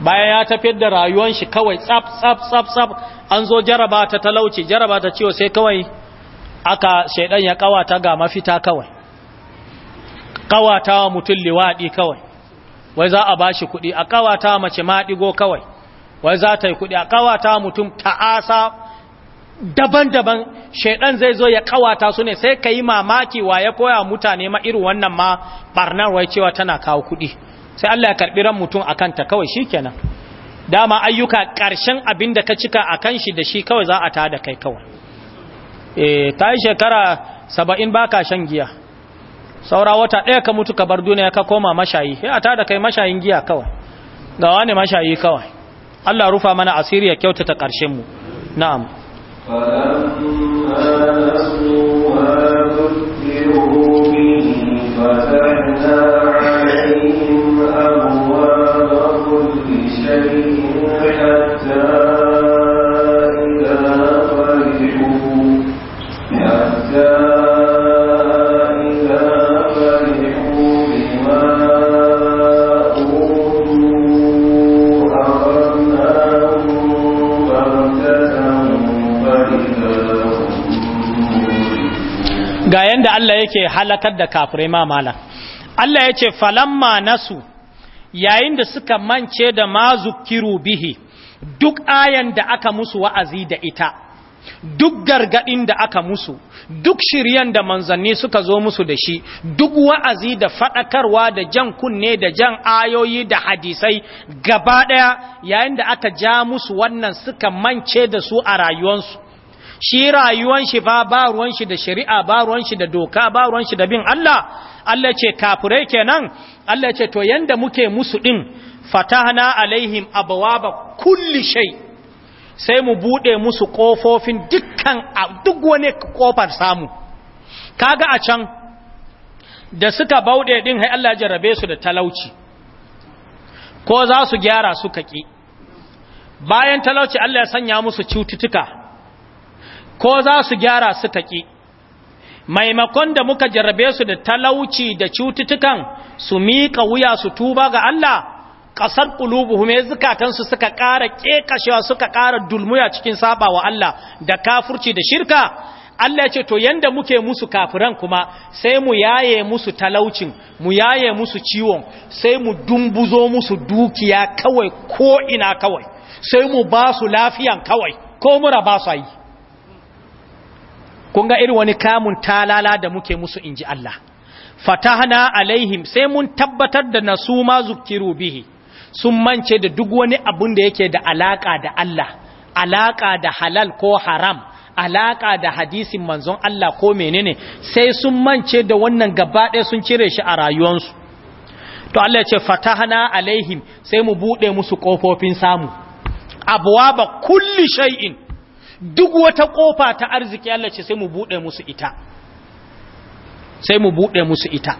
[SPEAKER 1] bayan ya tafiyar da rayuwar shi kawai tsaf tsaf tsaf tsaf an zo jaraba ta talauci jaraba ta ciwo sai kawai aka shaidan ya kawata ga mafita kawai Kawata wa mutum liwaɗi kawai wai za a ba shi kuɗi a ƙawata mace maɗigo kawai wai za ta yi kuɗi a ƙawata mutum ta'asa daban-daban shaidan zai zo ya ƙawata su ne sai ka yi mamaki wa ya koya mutane ma irin wannan ma ɓarnar wai cewa tana kawo kuɗi sai Allah ya karɓi ran mutum a kanta kawai shi kenan dama ayyuka ƙarshen abin da ka cika a kan shi da shi kawai za a tada kai kawai e, ta yi shekara saba'in baka shan giya saura wata ɗaya ka mutu ka bar duniya ka koma mashayi ya ta da kai mashayin giya kawai ga wani mashayi kawai Allah rufa mana asiri ya kyautata ƙarshen mu na'am
[SPEAKER 2] فَلَمَّا نَسُوا مَا ذُكِّرُوا بِهِ فَتَحْنَا
[SPEAKER 1] yake halakar da kafirai ma mala Allah ya ce falamma nasu yayin da suka mance da mazukiru bihi duk ayan da aka musu wa'azi da ita duk gargadin da aka musu duk shiryan da manzanni suka zo musu da shi duk wa'azi da fadakarwa da jan kunne da jan ayoyi da hadisai gaba ɗaya yayin da aka ja musu wannan suka mance da su a rayuwansu shi rayuwan shi ba ba ruwan shi da shari'a ba ruwan shi da doka ba ruwan shi da bin Allah Allah ce kafirai kenan Allah ce to yanda muke musu din fatahna alaihim abwaba kulli shay sai mu bude musu kofofin dukkan duk wani kofar samu kaga a can da suka bauɗe din hai Allah ya jarrabe su da talauci ko za su gyara suka ki. bayan talauci Allah ya sanya musu cututtuka ko za su gyara su taƙi maimakon da muka jarrabe su da talauci da cututtukan su miƙa wuya su tuba ga Allah ƙasar ƙulubu mai eh, zukatansu suka ƙara ƙeƙashewa suka ƙara dulmuya cikin saba wa Allah da kafurci da shirka Allah ya ce to yanda muke musu kafiran kuma sai mu yaye musu talaucin mu yaye musu ciwon sai mu dumbuzo musu dukiya kawai ko ina kawai sai mu ba su lafiyan kawai ko mura ba su yi kun ga irin wani kamun talala da muke musu inji Allah fatahna alaihim sai mun tabbatar da nasu ma zukiru bihi sun mance da duk wani abun da yake da alaka da Allah alaka da halal ko haram alaka da hadisin manzon Allah ko menene sai sun mance da wannan gaba ɗaya sun cire shi a rayuwarsu to Allah ya ce fatahna alaihim sai mu bude musu kofofin samu abwaba kulli shay'in duk wata kofa ta arziki Allah ce sai mu buɗe musu ita sai mu buɗe musu ita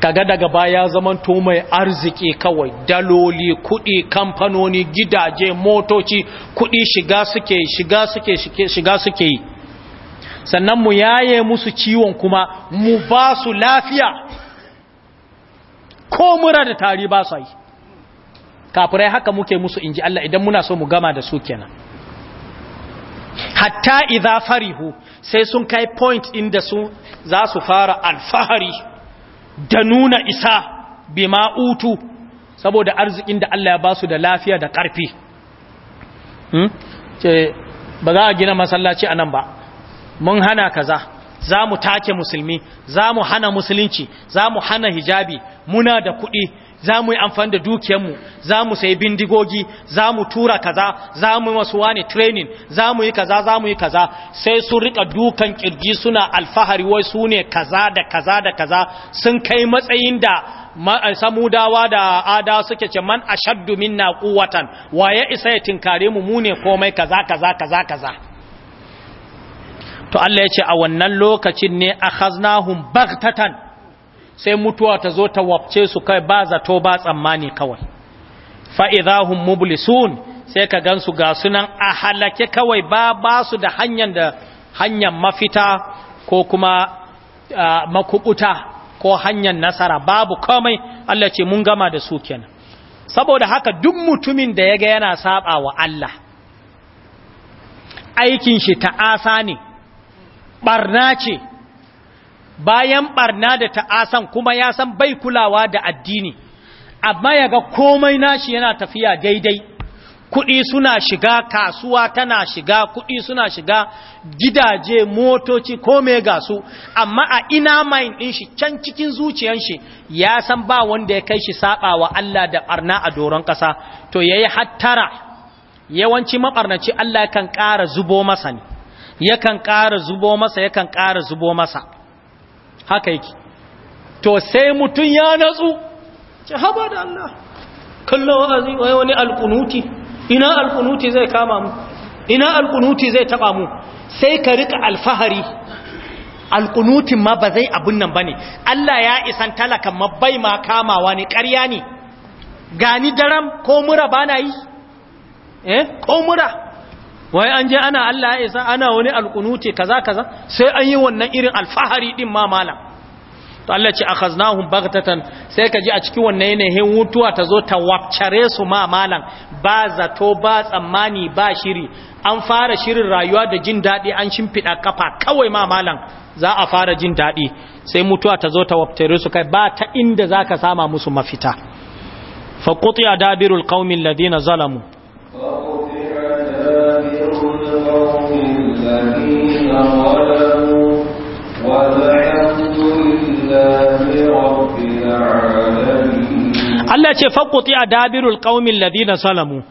[SPEAKER 1] kaga daga baya zaman to mai arziki kawai daloli kuɗi kamfanoni gidaje motoci kuɗi shiga suke shiga suke shiga suke yi sannan mu yaye musu ciwon kuma mu ba su lafiya ko mura da tari ba su yi kafirai haka muke musu inji Allah idan muna so mu gama da su kenan hatta idza farihu sai sun kai point inda su za su fara alfahari da nuna isa bima utu saboda arzikin da Allah ya ba su da lafiya da ƙarfi hmm? ba za a gina masallaci a nan ba mun hana kaza za mu take musulmi za mu hana musulunci za mu hana hijabi muna da kuɗi za mu yi amfani da mu za mu sai bindigogi za mu tura kaza za mu yi wasu wani training za mu yi kaza za mu yi kaza sai sun rika dukan kirji suna alfahari wai su ne kaza da kaza da kaza sun kai matsayin da eh, samudawa da ada suke ce man ashaddu minna wa waye isa ya tinkare mu mu ne komai kaza kaza kaza kaza to Allah ya ce a wannan lokacin ne akhaznahum baghtatan sai mutuwa ta zo ta wabce su kai ba zato ba tsammani kawai fa'idahun mublisun sai ka gansu ga sunan a halake kawai ba ba su da hanyar da hanyar mafita ko kuma makubuta ko hanyar nasara babu komai Allah ce mun gama da su kenan saboda haka duk mutumin da ya ga yana saba wa Allah aikin shi ta'asa ne barna ce bayan barna da ta'asan kuma ya san bai kulawa da addini amma ya ga komai nashi yana tafiya daidai kuɗi suna shiga kasuwa tana shiga kuɗi suna shiga gidaje motoci kome ga su amma a ina main ɗin shi can cikin zuciyar shi ya san ba wanda ya kai shi saba wa Allah da barna a doron ƙasa to yayi hattara yawanci maɓarnaci Allah kan ƙara zubo masa ne yakan ƙara zubo masa yakan ƙara zubo masa haka yake to sai mutum ya natsu ce da Allah kallon wa'azi wani alkunuti ina alkunuti zai kama mu ina alkunuti zai taba mu sai ka rika alfahari alkunutin ma ba zai abun nan ba ne? Allah ya isan talakan mabai ma kama wani ƙarya ne gani daram ko mura bana yi eh ko mura wai an je ana Allah ya isa ana wani alkunuti kaza kaza sai an yi wannan irin alfahari din ma malam to Allah ce akhaznahum baghtatan sai ka ji a cikin wannan yanayin mutuwa ta zo ta wabcare su ma malam ba zato ba tsammani ba shiri an fara shirin rayuwa da jin dadi an shimfida kafa kawai ma malam za a fara jin dadi sai mutuwa ta zo ta wabtare su kai ba ta inda zaka sama musu mafita faqutiya dabirul qaumil ladina zalamu Allah ce faƙuti a dabirul ƙaumin ladina salamu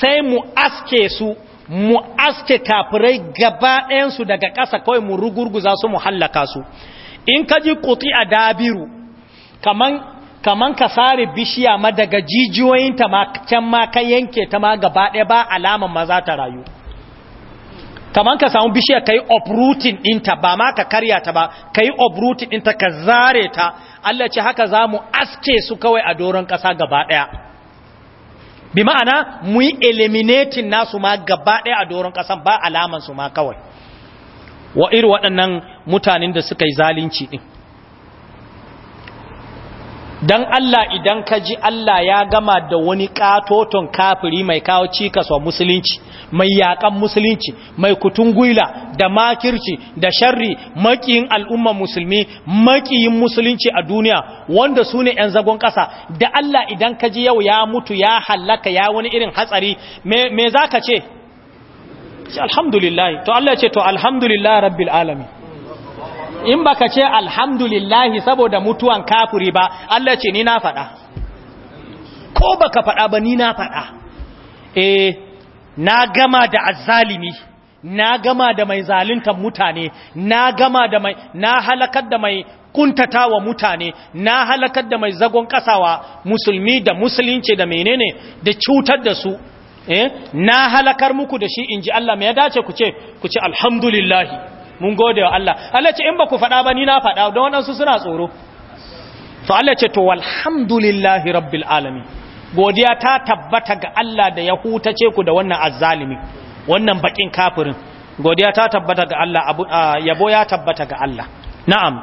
[SPEAKER 1] sai mu aske su mu aske kafirai gaba ɗayansu daga ƙasa kawai mu rugurguza su mu hallaka su in ka ji kuti a dabiru kaman, ka sare bishiya ma daga jijiyoyinta can ma ka yanke ta ma gaba ɗaya ba alaman ma za ta rayu kamar ka samu bishiya ka yi uprooting ɗinta ba ma ka karya ta ba ka yi uprooting ɗinta ka zare ta Allah ce haka za mu aske su kawai a doron ƙasa gaba ɗaya bi ma'ana mu yi eliminating nasu ma gaba ɗaya a doron ƙasan ba alamansu ma kawai wa iri waɗannan mutanen da suka yi zalunci ɗin don Allah idan ka ji Allah ya gama da wani katoton kafiri mai kawo cikas wa musulunci mai yaƙan musulunci mai kutun kutungula da makirci da sharri makiyin al'umma musulmi makiyin musulunci a duniya wanda su ne 'yan zagon ƙasa da Allah idan ka ji yau ya mutu ya hallaka ya wani irin hatsari me za ka ce alhamdulillah to Allah ce to alhamdulillah rabbil alamin in baka ce alhamdulillahi saboda mutuwan kafuri ba Allah ce ni na faɗa ko baka faɗa ba ni na faɗa eh na gama da azzalimi na gama da mai zaluntar mutane na gama da mai na halakar da mai kuntata mutane na halakar da mai zagon kasawa musulmi da musulunci da menene da cutar da su eh na halakar muku da shi inji Allah me ya dace ku ce ku ce alhamdulillahi mun gode wa Allah Allah ce in ba ku faɗa ba ni na faɗa don waɗansu suna tsoro to Allah ce to walhamdulillahi rabbil alamin godiya ta tabbata ga Allah da ya hutace ku da wannan azzalimi wannan bakin kafirin godiya ta tabbata ga Allah abu yabo ya tabbata ga Allah na'am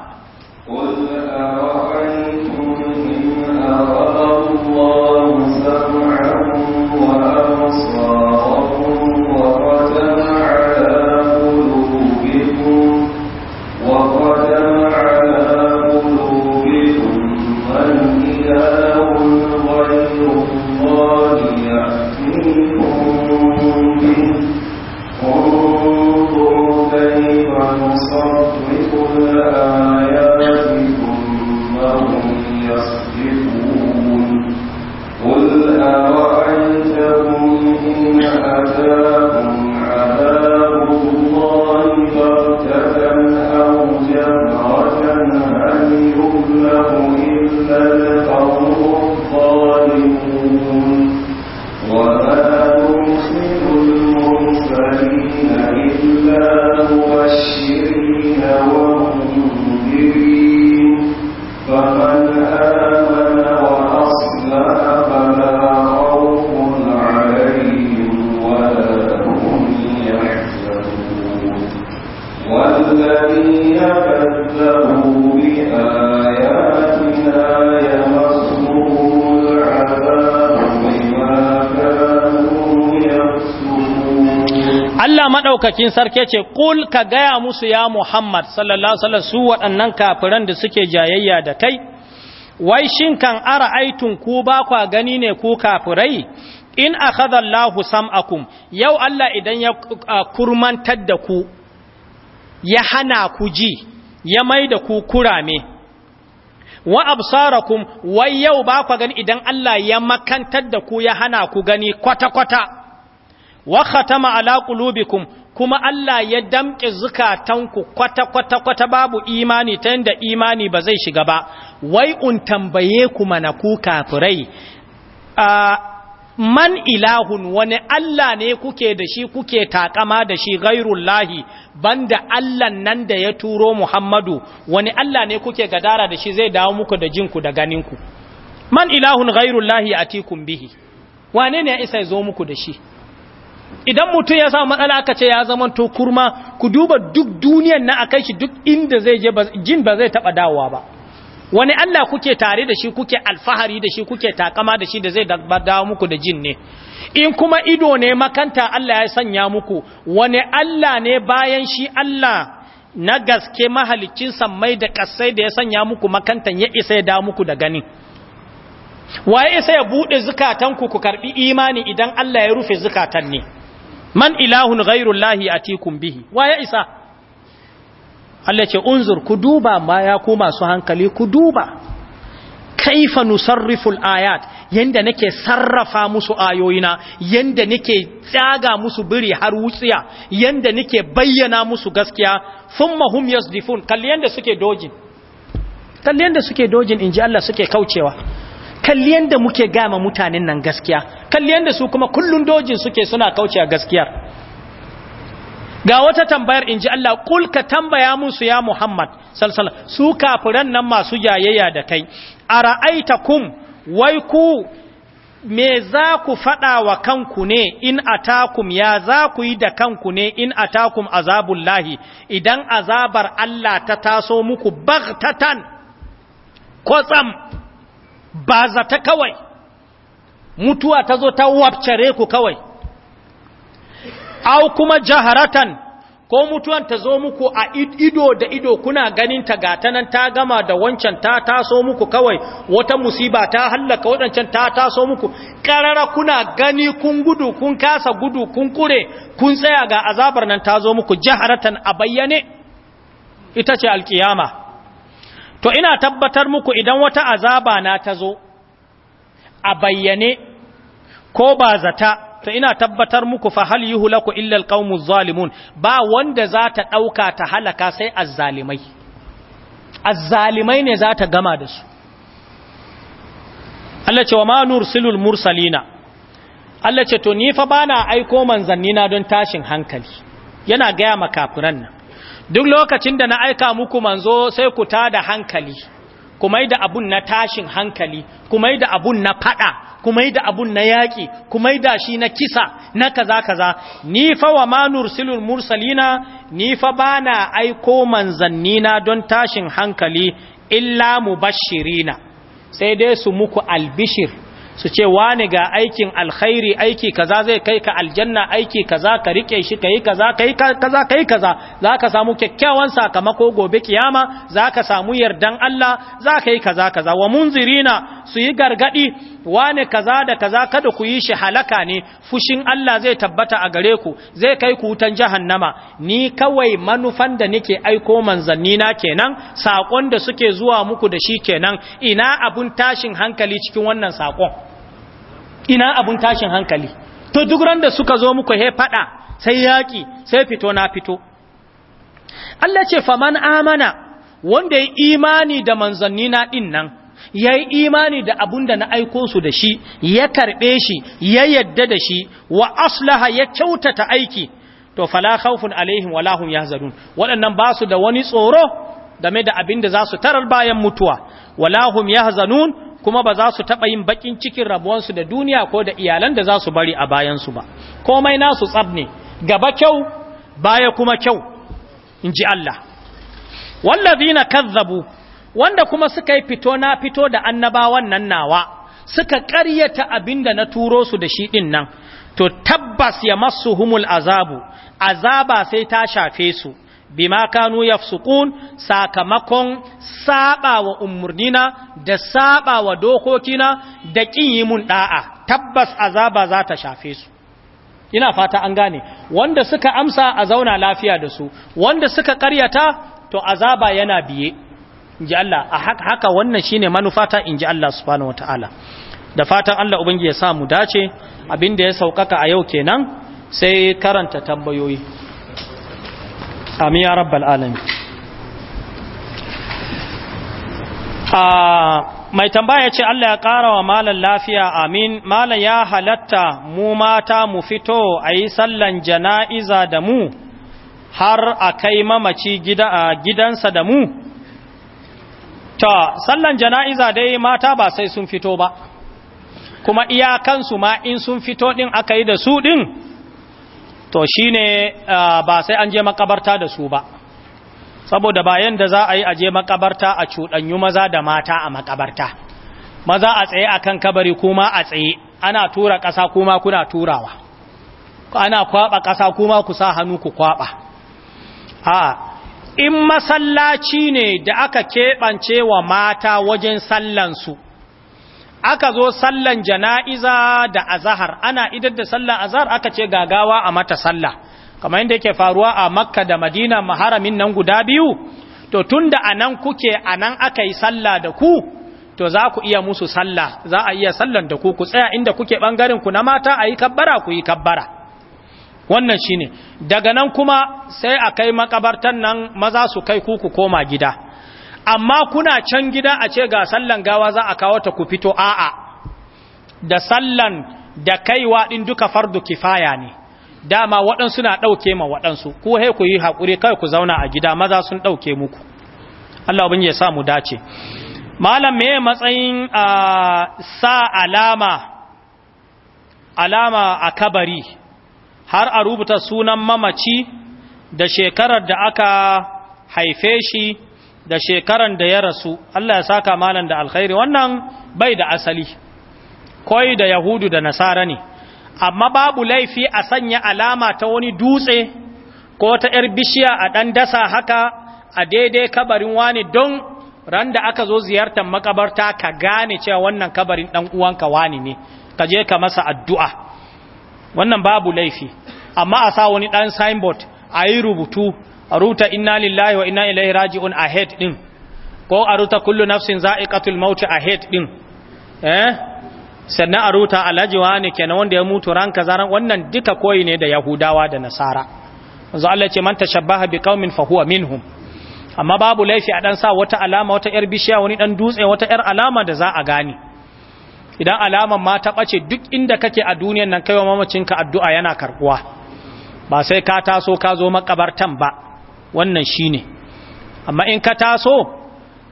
[SPEAKER 1] maɗaukakin sarki ce ƙul ka gaya musu ya Muhammad sallallahu alaihi su waɗannan kafiran da suke jayayya da kai wai shin kan ara aitun ku ba kwa gani ne ku kafirai in akhadha Allahu sam'akum yau Allah idan ya kurmantar da ku ya hana ku ji ya mai da ku kurame wa absarakum wai yau ba kwa gani idan Allah ya makantar da ku ya hana ku gani kwata-kwata wa khatama ala qulubikum kuma Allah ya damƙe zukatanku kwata-kwata-kwata babu imani ta yadda imani ba zai shiga ba, wai un tambaye ku mana ku kafirai, man ilahun wani Allah ne kuke da shi kuke takama da shi gairullahi banda Allah nan da ya turo Muhammadu, wani Allah ne kuke gadara da shi zai dawo muku da jinku da ganinku. Man ilahun gairullahi a bihi, wane ne ya isa ya zo muku da shi? idan mutum ya sa matsala aka ce ya zama to kurma ku duba duk duniyan na akai shi duk inda zai je jin ba zai taba dawowa ba wani Allah kuke tare da shi kuke alfahari da shi kuke takama da shi da zai dawo muku da jin ne in kuma ido ne makanta Allah ya sanya muku wani Allah ne bayan shi Allah na gaske mahalicin sammai da kasai da ya sanya muku makantan ya isa ya dawo muku da gani waye isa ya bude zukatanku ku karbi imani idan Allah ya rufe zukatan ne man ilahun ghairullahi atikum bihi waye isa Allah ce unzur ku duba ma ya ku masu hankali ku duba kaifa nusarrifu ayat yanda nake sarrafa musu ayoyina yanda nake tsaga musu biri har wutsiya yanda nake bayyana musu gaskiya thumma hum yasdifun kalli yanda suke dojin kalli yanda suke dojin inji Allah suke kaucewa kalli yadda muke gama mutanen nan gaskiya kalli yadda su kuma kullun dojin suke suna kauce a gaskiyar ga wata tambayar in ji Allah kul ka tambaya musu ya Muhammad salsala su kafiran nan masu jayayya da kai a ra'aita kun wai ku me za ku faɗa wa kanku ne in atakum ya za ku yi da kanku ne in atakum azabullahi idan azabar Allah ta taso muku bagtatan kwatsam ba zata kawai mutuwa ta zo ta wabcare ku kawai au kuma jaharatan ko mutuwan ta zo muku a ido da ido kuna ganin ta nan ta gama da wancan ta taso muku kawai wata musiba ta hallaka wadancan ta taso muku karara kuna gani kun gudu kun kasa gudu kun kure kun tsaya ga azabar nan ta zo muku jaharatan a bayyane ita ce alkiyama to ina tabbatar muku idan wata azaba na ta zo a bayyane ko ba zata to ina tabbatar muku fa hal ku illal alqaumu zalimun ba wanda za ta ɗauka ta halaka sai azzalimai azzalimai ne za ta gama da su Allah ce wa ma nursilul mursalina Allah ce to ni fa bana aiko manzannina don tashin hankali yana gaya makafiran nan duk lokacin da na aika muku manzo sai ku ta da hankali kuma da abun na tashin hankali kuma da abun na fada kuma da abun na yaki kuma da shi na kisa na kaza kaza ni fa wa manur nursilul mursalina ni fa bana aiko manzannina don tashin hankali illa mu mubashirina sai dai su muku albishir su ce wani ga aikin alkhairi aiki kaza zai kai ka aljanna aiki kaza ka rike shi kai kaza kai kaza kai kaza ka samu kyakkyawan sakamako gobe kiyama ka samu yardan Allah za ka yi kaza kaza wa munzirina su yi gargadi wani kaza da kaza kada ku yi shi halaka ne fushin Allah zai tabbata a gare ku zai kai ku wutan jahannama ni kawai manufan da nake aiko manzanni na kenan sakon da suke zuwa muku da shi kenan ina abun tashin hankali cikin wannan sakon ina abun tashin hankali to duk ran da suka zo muku he fada sai yaki sai fito na fito Allah ce faman amana wanda ya imani da manzanni na din ya yi imani da abun da na aiko su da shi ya karbe shi ya yadda da shi wa aslaha ya kyautata aiki to fala khawfun alaihim wala hum yahzanun waɗannan ba su da wani tsoro game da abin da za su tarar bayan mutuwa wala hum yahzanun kuma ba za su taɓa yin baƙin cikin rabuwansu da duniya ko da iyalan da za su bari a bayansu ba komai nasu tsab ne gaba kyau baya kuma kyau in ji Allah wallazina kazzabu wanda kuma suka yi fito na fito da annabawan nan nawa suka ƙaryata abinda na turo su da shi din nan to tabbas ya masu humul azabu azaba sai ta shafe su bima kanu yafsukun sakamakon saba wa umarnina da saba wa dokokina da ƙin yi mun ɗa'a tabbas azaba za ta shafe su ina fata an gane wanda suka amsa a zauna lafiya da su wanda suka karyata to azaba yana biye inji Allah a haka wannan shine manufata in ji Allah subhanahu wataala da fatan Allah ubangi ya samu dace abinda ya sauƙaƙa a yau kenan sai karanta tambayoyi amin ya rabbal alamin ah, mai tambaya ce Allah ya ƙara wa malar lafiya amin malar ya halatta mu mata mu fito a yi sallan jana'iza da mu har a kai mamaci gidansa da mu ta sallan jana'iza dai mata ba sai sun fito ba kuma iyakansu ma in sun fito ɗin aka yi da su ɗin to shine ba sai an je makabarta da su ba saboda bayan da za a yi a je makabarta a cuɗanyu maza da mata a makabarta maza a tsaye akan kabari kuma a tsaye ana tura ƙasa kuma kuna turawa ana kwaɓa ƙasa kuma ku sa hannu ku kwaɓa a in masallaci ne da aka keɓance wa mata wajen sallansu aka zo sallan jana'iza da azahar ana idar da sallan azahar aka ce gagawa a mata sallah kamar yadda yake faruwa a makka da madina maharamin nan guda biyu to tun tunda anan kuke anan aka yi sallah da ku to za ku iya musu sallah za a iya sallan da ku ku tsaya inda kuke ɓangaren ku na mata a yi kabbara ku yi kabbara wannan shine daga nan kuma sai a kai makabartan nan maza su kai ku ku koma gida amma kuna can gida a ce ga sallan gawa za a kawo ta ku fito a'a da sallan da kaiwa din duka fardu kifaya ne dama waɗansu na ɗauke ma waɗansu Ko he ku yi haƙuri kai ku zauna a gida maza sun ɗauke muku Allah bin ya sa mu dace malam me matsayin a sa alama alama a kabari har a rubuta sunan mamaci da shekarar da aka haife shi da shekaran da ya rasu Allah ya saka malan da alkhairi wannan bai da asali koi da yahudu da nasara ne amma babu laifi a sanya alama ta wani dutse ko ta yar bishiya a dan dasa haka a daidai kabarin wani don ran da aka zo ziyartar makabarta ka gane cewa wannan kabarin dan uwanka wani ne ka je ka masa addu'a wannan babu laifi amma a sa wani dan signboard a yi rubutu a ruta inna lillahi wa inna ilaihi raji'un ahad din ko a ruta kullu nafsin za'iqatul maut ahad din eh sannan a ruta alajiwa kenan wanda ya mutu ran zaran wannan duka koyi ne da yahudawa da nasara manzo Allah ce man tashabbaha biqaumin fa huwa minhum amma babu laifi a dan sa wata alama wata yar bishiya wani dan dutse wata yar alama da za a gane idan alaman ma ta bace duk inda kake a duniyan nan kaiwa mamacinka addu'a yana karbuwa ba sai ka taso ka zo makabartan ba wannan shi ne amma in ka taso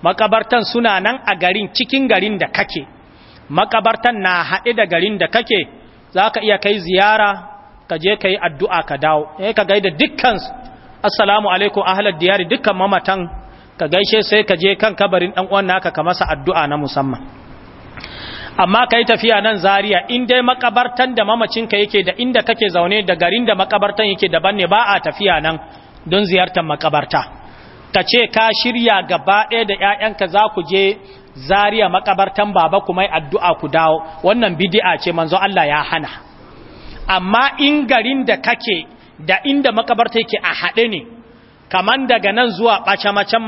[SPEAKER 1] makabartan suna nan a garin cikin garin da kake makabartan na haɗe da garin da kake za ka iya kai ziyara ka je ka yi addu'a ka dawo ya eh, ka gaida dukkan assalamu alaikum ahalar diyari dukkan mamatan ka gaishe sai ka je kan kabarin ɗan'uwan naka ka masa addu'a na musamman amma ka yi tafiya nan zariya in dai makabartan da mamacinka yake da inda kake zaune da garin da makabartan yake daban ne ba a tafiya nan don ziyartar makabarta ta ce ka shirya gaba ɗaya da 'ya'yanka za ku je zariya makabartan baba kuma yi addu'a ku dawo wannan bidi'a ce manzo Allah ya hana amma in garin da kake da inda makabarta yake a haɗe ne kaman daga nan zuwa ɓace-macen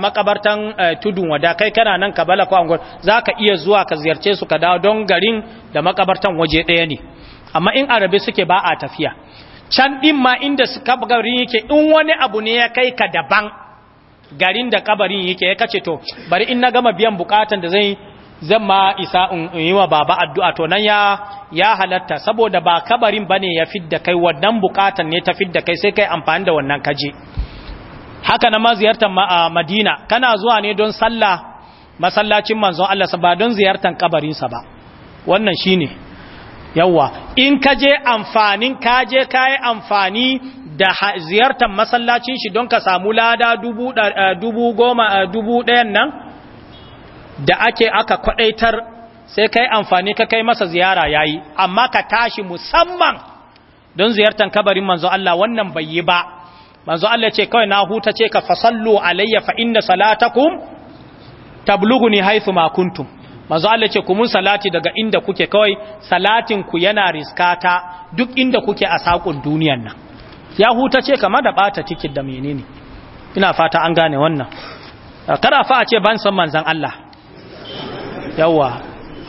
[SPEAKER 1] makabartan tudun wada kai kana nan ka bala kwangon za ka iya zuwa ka ziyarce su ka dawo don garin da makabartan waje ɗaya ne amma in arabe suke ba a tafiya can ɗin ma inda su kabarin yake in wani abu ne ya kai ka daban garin da kabarin yake ya kace to bari in na gama biyan bukatan da zai zan ma isa in yi wa baba addu'a to nan ya ya halatta saboda ba kabarin ba ya fidda kai wannan bukatan ne ta fidda kai sai kai amfani da wannan kaje haka na ma ziyartar madina kana zuwa ne don sallah masallacin manzon Allah ba don ziyartar kabarinsa ba wannan shine yawa in ka je amfanin ka je ka amfani da ziyartar masallacin shi don ka samu lada dubu, eh, dubu goma eh, dubu ɗayan nan da ake aka kwaɗaitar sai ka amfani ka kai masa ziyara yayi amma ka tashi musamman don ziyartar kabarin manzo Allah wannan bai yi ba manzo Allah ce kawai na huta ce ka fasallu alayya fa inna salatakum tablughuni haythu ma kuntum manzo Allah ce ku mun salati daga inda kuke kawai salatin ku yana riskata duk inda kuke a sakon duniyan nan ya huta ce kamar da bata tikin da menene ina fata an gane wannan kada fa a ce ban san manzon Allah yawa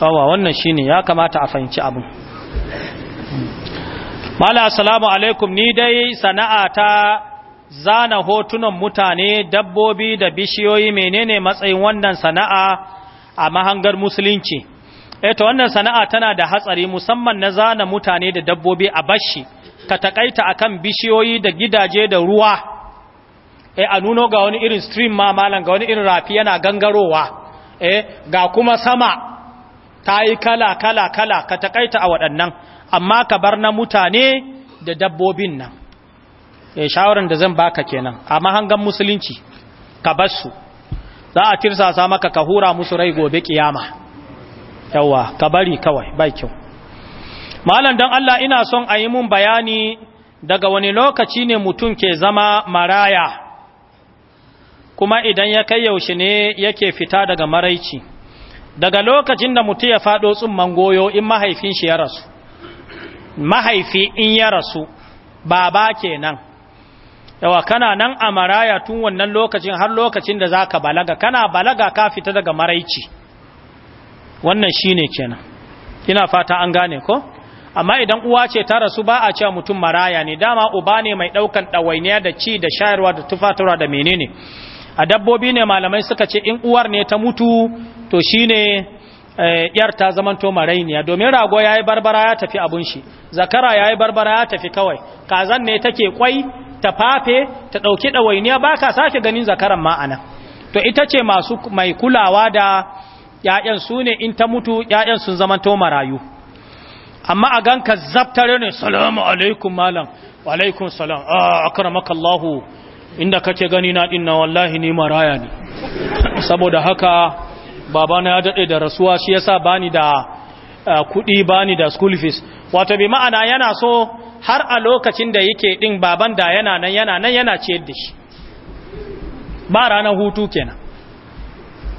[SPEAKER 1] yawa wannan shine ya kamata a fahimci abu. mala assalamu alaikum ni dai sana'a ta zana hotunan mutane dabbobi da bishiyoyi menene matsayin wannan sana'a a mahangar musulunci eto eh, wannan sana'a tana da hatsari musamman na zana mutane da dabbobi a bashi ka takaita akan bishiyoyi da gidaje da ruwa e a nuno ga wani irin stream ma malan ga wani irin rafi yana gangarowa eh ga kuma sama ta yi kala kala kala ka takaita a waɗannan amma ka bar na mutane da dabbobin nan e shawaran da zan baka kenan a mahangar musulunci ka bar su za a tirsasa maka ka hura musu rai gobe kiyama yawa ka bari kawai bai kyau malam don Allah ina son a yi mun bayani daga wani lokaci ne mutum ke zama maraya kuma idan ya kai yaushe ne yake fita daga maraici daga lokacin da mutum ya faɗo tsumman goyo in mahaifin shi ya rasu mahaifi in ya rasu baba kenan yawa kana nan a maraya tun wannan lokacin har lokacin da za ka balaga kana balaga ka fita daga maraici wannan shi kenan ina fata an gane ko amma idan uwa ce ta rasu ba a cewa mutum maraya ne dama uba ne mai ɗaukan ɗawainiya da ci da shayarwa da tufatura da menene a dabbobi ne malamai suka ce in uwar ne ta mutu to shine yar eh, ta zamanto marainiya domin rago ya yi barbara ya tafi abun shi zakara ya yi barbara ya tafi kawai kazan ne take kwai ta fafe ta ɗauki ɗawainiya ba ka sake ganin zakaran ma'ana to ita ce masu mai kulawa da ‘ya'yan su ne in ta mutu ‘ya'yan sun to marayu amma a gan ka zaftare ne salamu alaikum malam alaikum salam a ah, akaramaka Allahu inda kake gani na dinna wallahi ni maraya ne saboda haka babana ya daɗe da rasuwa shi yasa bani da eh, kuɗi bani da school fees wato bi ma'ana yana so har a lokacin da yake din baban da yana nan yana nan yana ce da shi ba ranar hutu kenan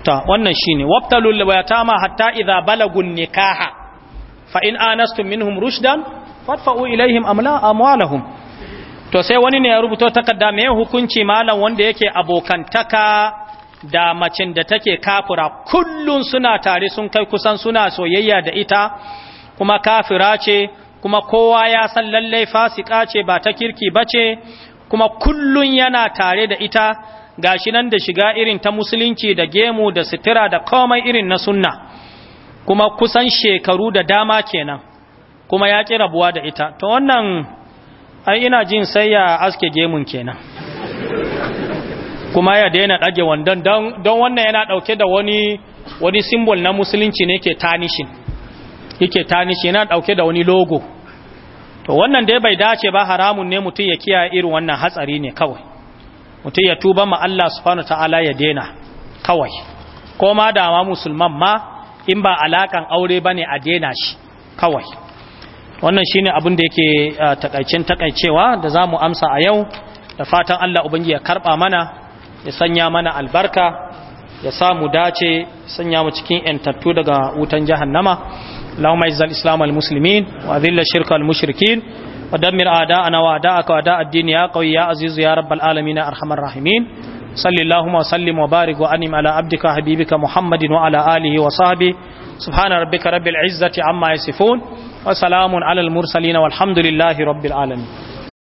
[SPEAKER 1] ta wannan shine wabtalul wayatama hatta idza balagun nikaha fa in anastum minhum rushdan fatfa'u, ilaihim amla amwalahum to sai wani ne ya rubuto takarda mai hukunci malam wanda yake abokantaka da macen da take kafira kullum suna tare sun kai kusan suna soyayya da ita kuma kafira ce kuma kowa ya san lallai fasika ce ba ta kirki ba ce kuma kullun yana tare da ita gashi nan da shiga irin ta musulunci da gemu da sitira da komai irin na sunna kuma kusan shekaru da dama kenan kuma ya ƙi rabuwa da ita to wannan ai ina jin sai ya aske gemun kenan kuma ya daina ɗage wandon don wannan yana ɗauke da wani wani simbol na musulunci ne ke tanishin yake shi yana dauke da wani logo to wannan dai bai dace ba haramun ne mutum ya kiyaye irin wannan hatsari ne kawai mutum ya tuba ma Allah subhanahu ta'ala ya dena kawai ko ma da ma musulman ma in ba alakan aure bane a dena shi kawai wannan shine abin da yake takaicin takaicewa da zamu amsa a yau da fatan Allah ubangi ya karba mana ya sanya mana albarka ya samu dace sanya mu cikin 'yantattu daga wutan jahannama اللهم اعز الاسلام والمسلمين واذل الشرك والمشركين ودمر اعداءنا واعداءك واعداء الدين يا قوي يا عزيز يا رب العالمين ارحم الراحمين صل اللهم وسلم وبارك وانم على عبدك وحبيبك محمد وعلى اله وصحبه سبحان ربك رب العزه عما يصفون وسلام على المرسلين والحمد لله رب العالمين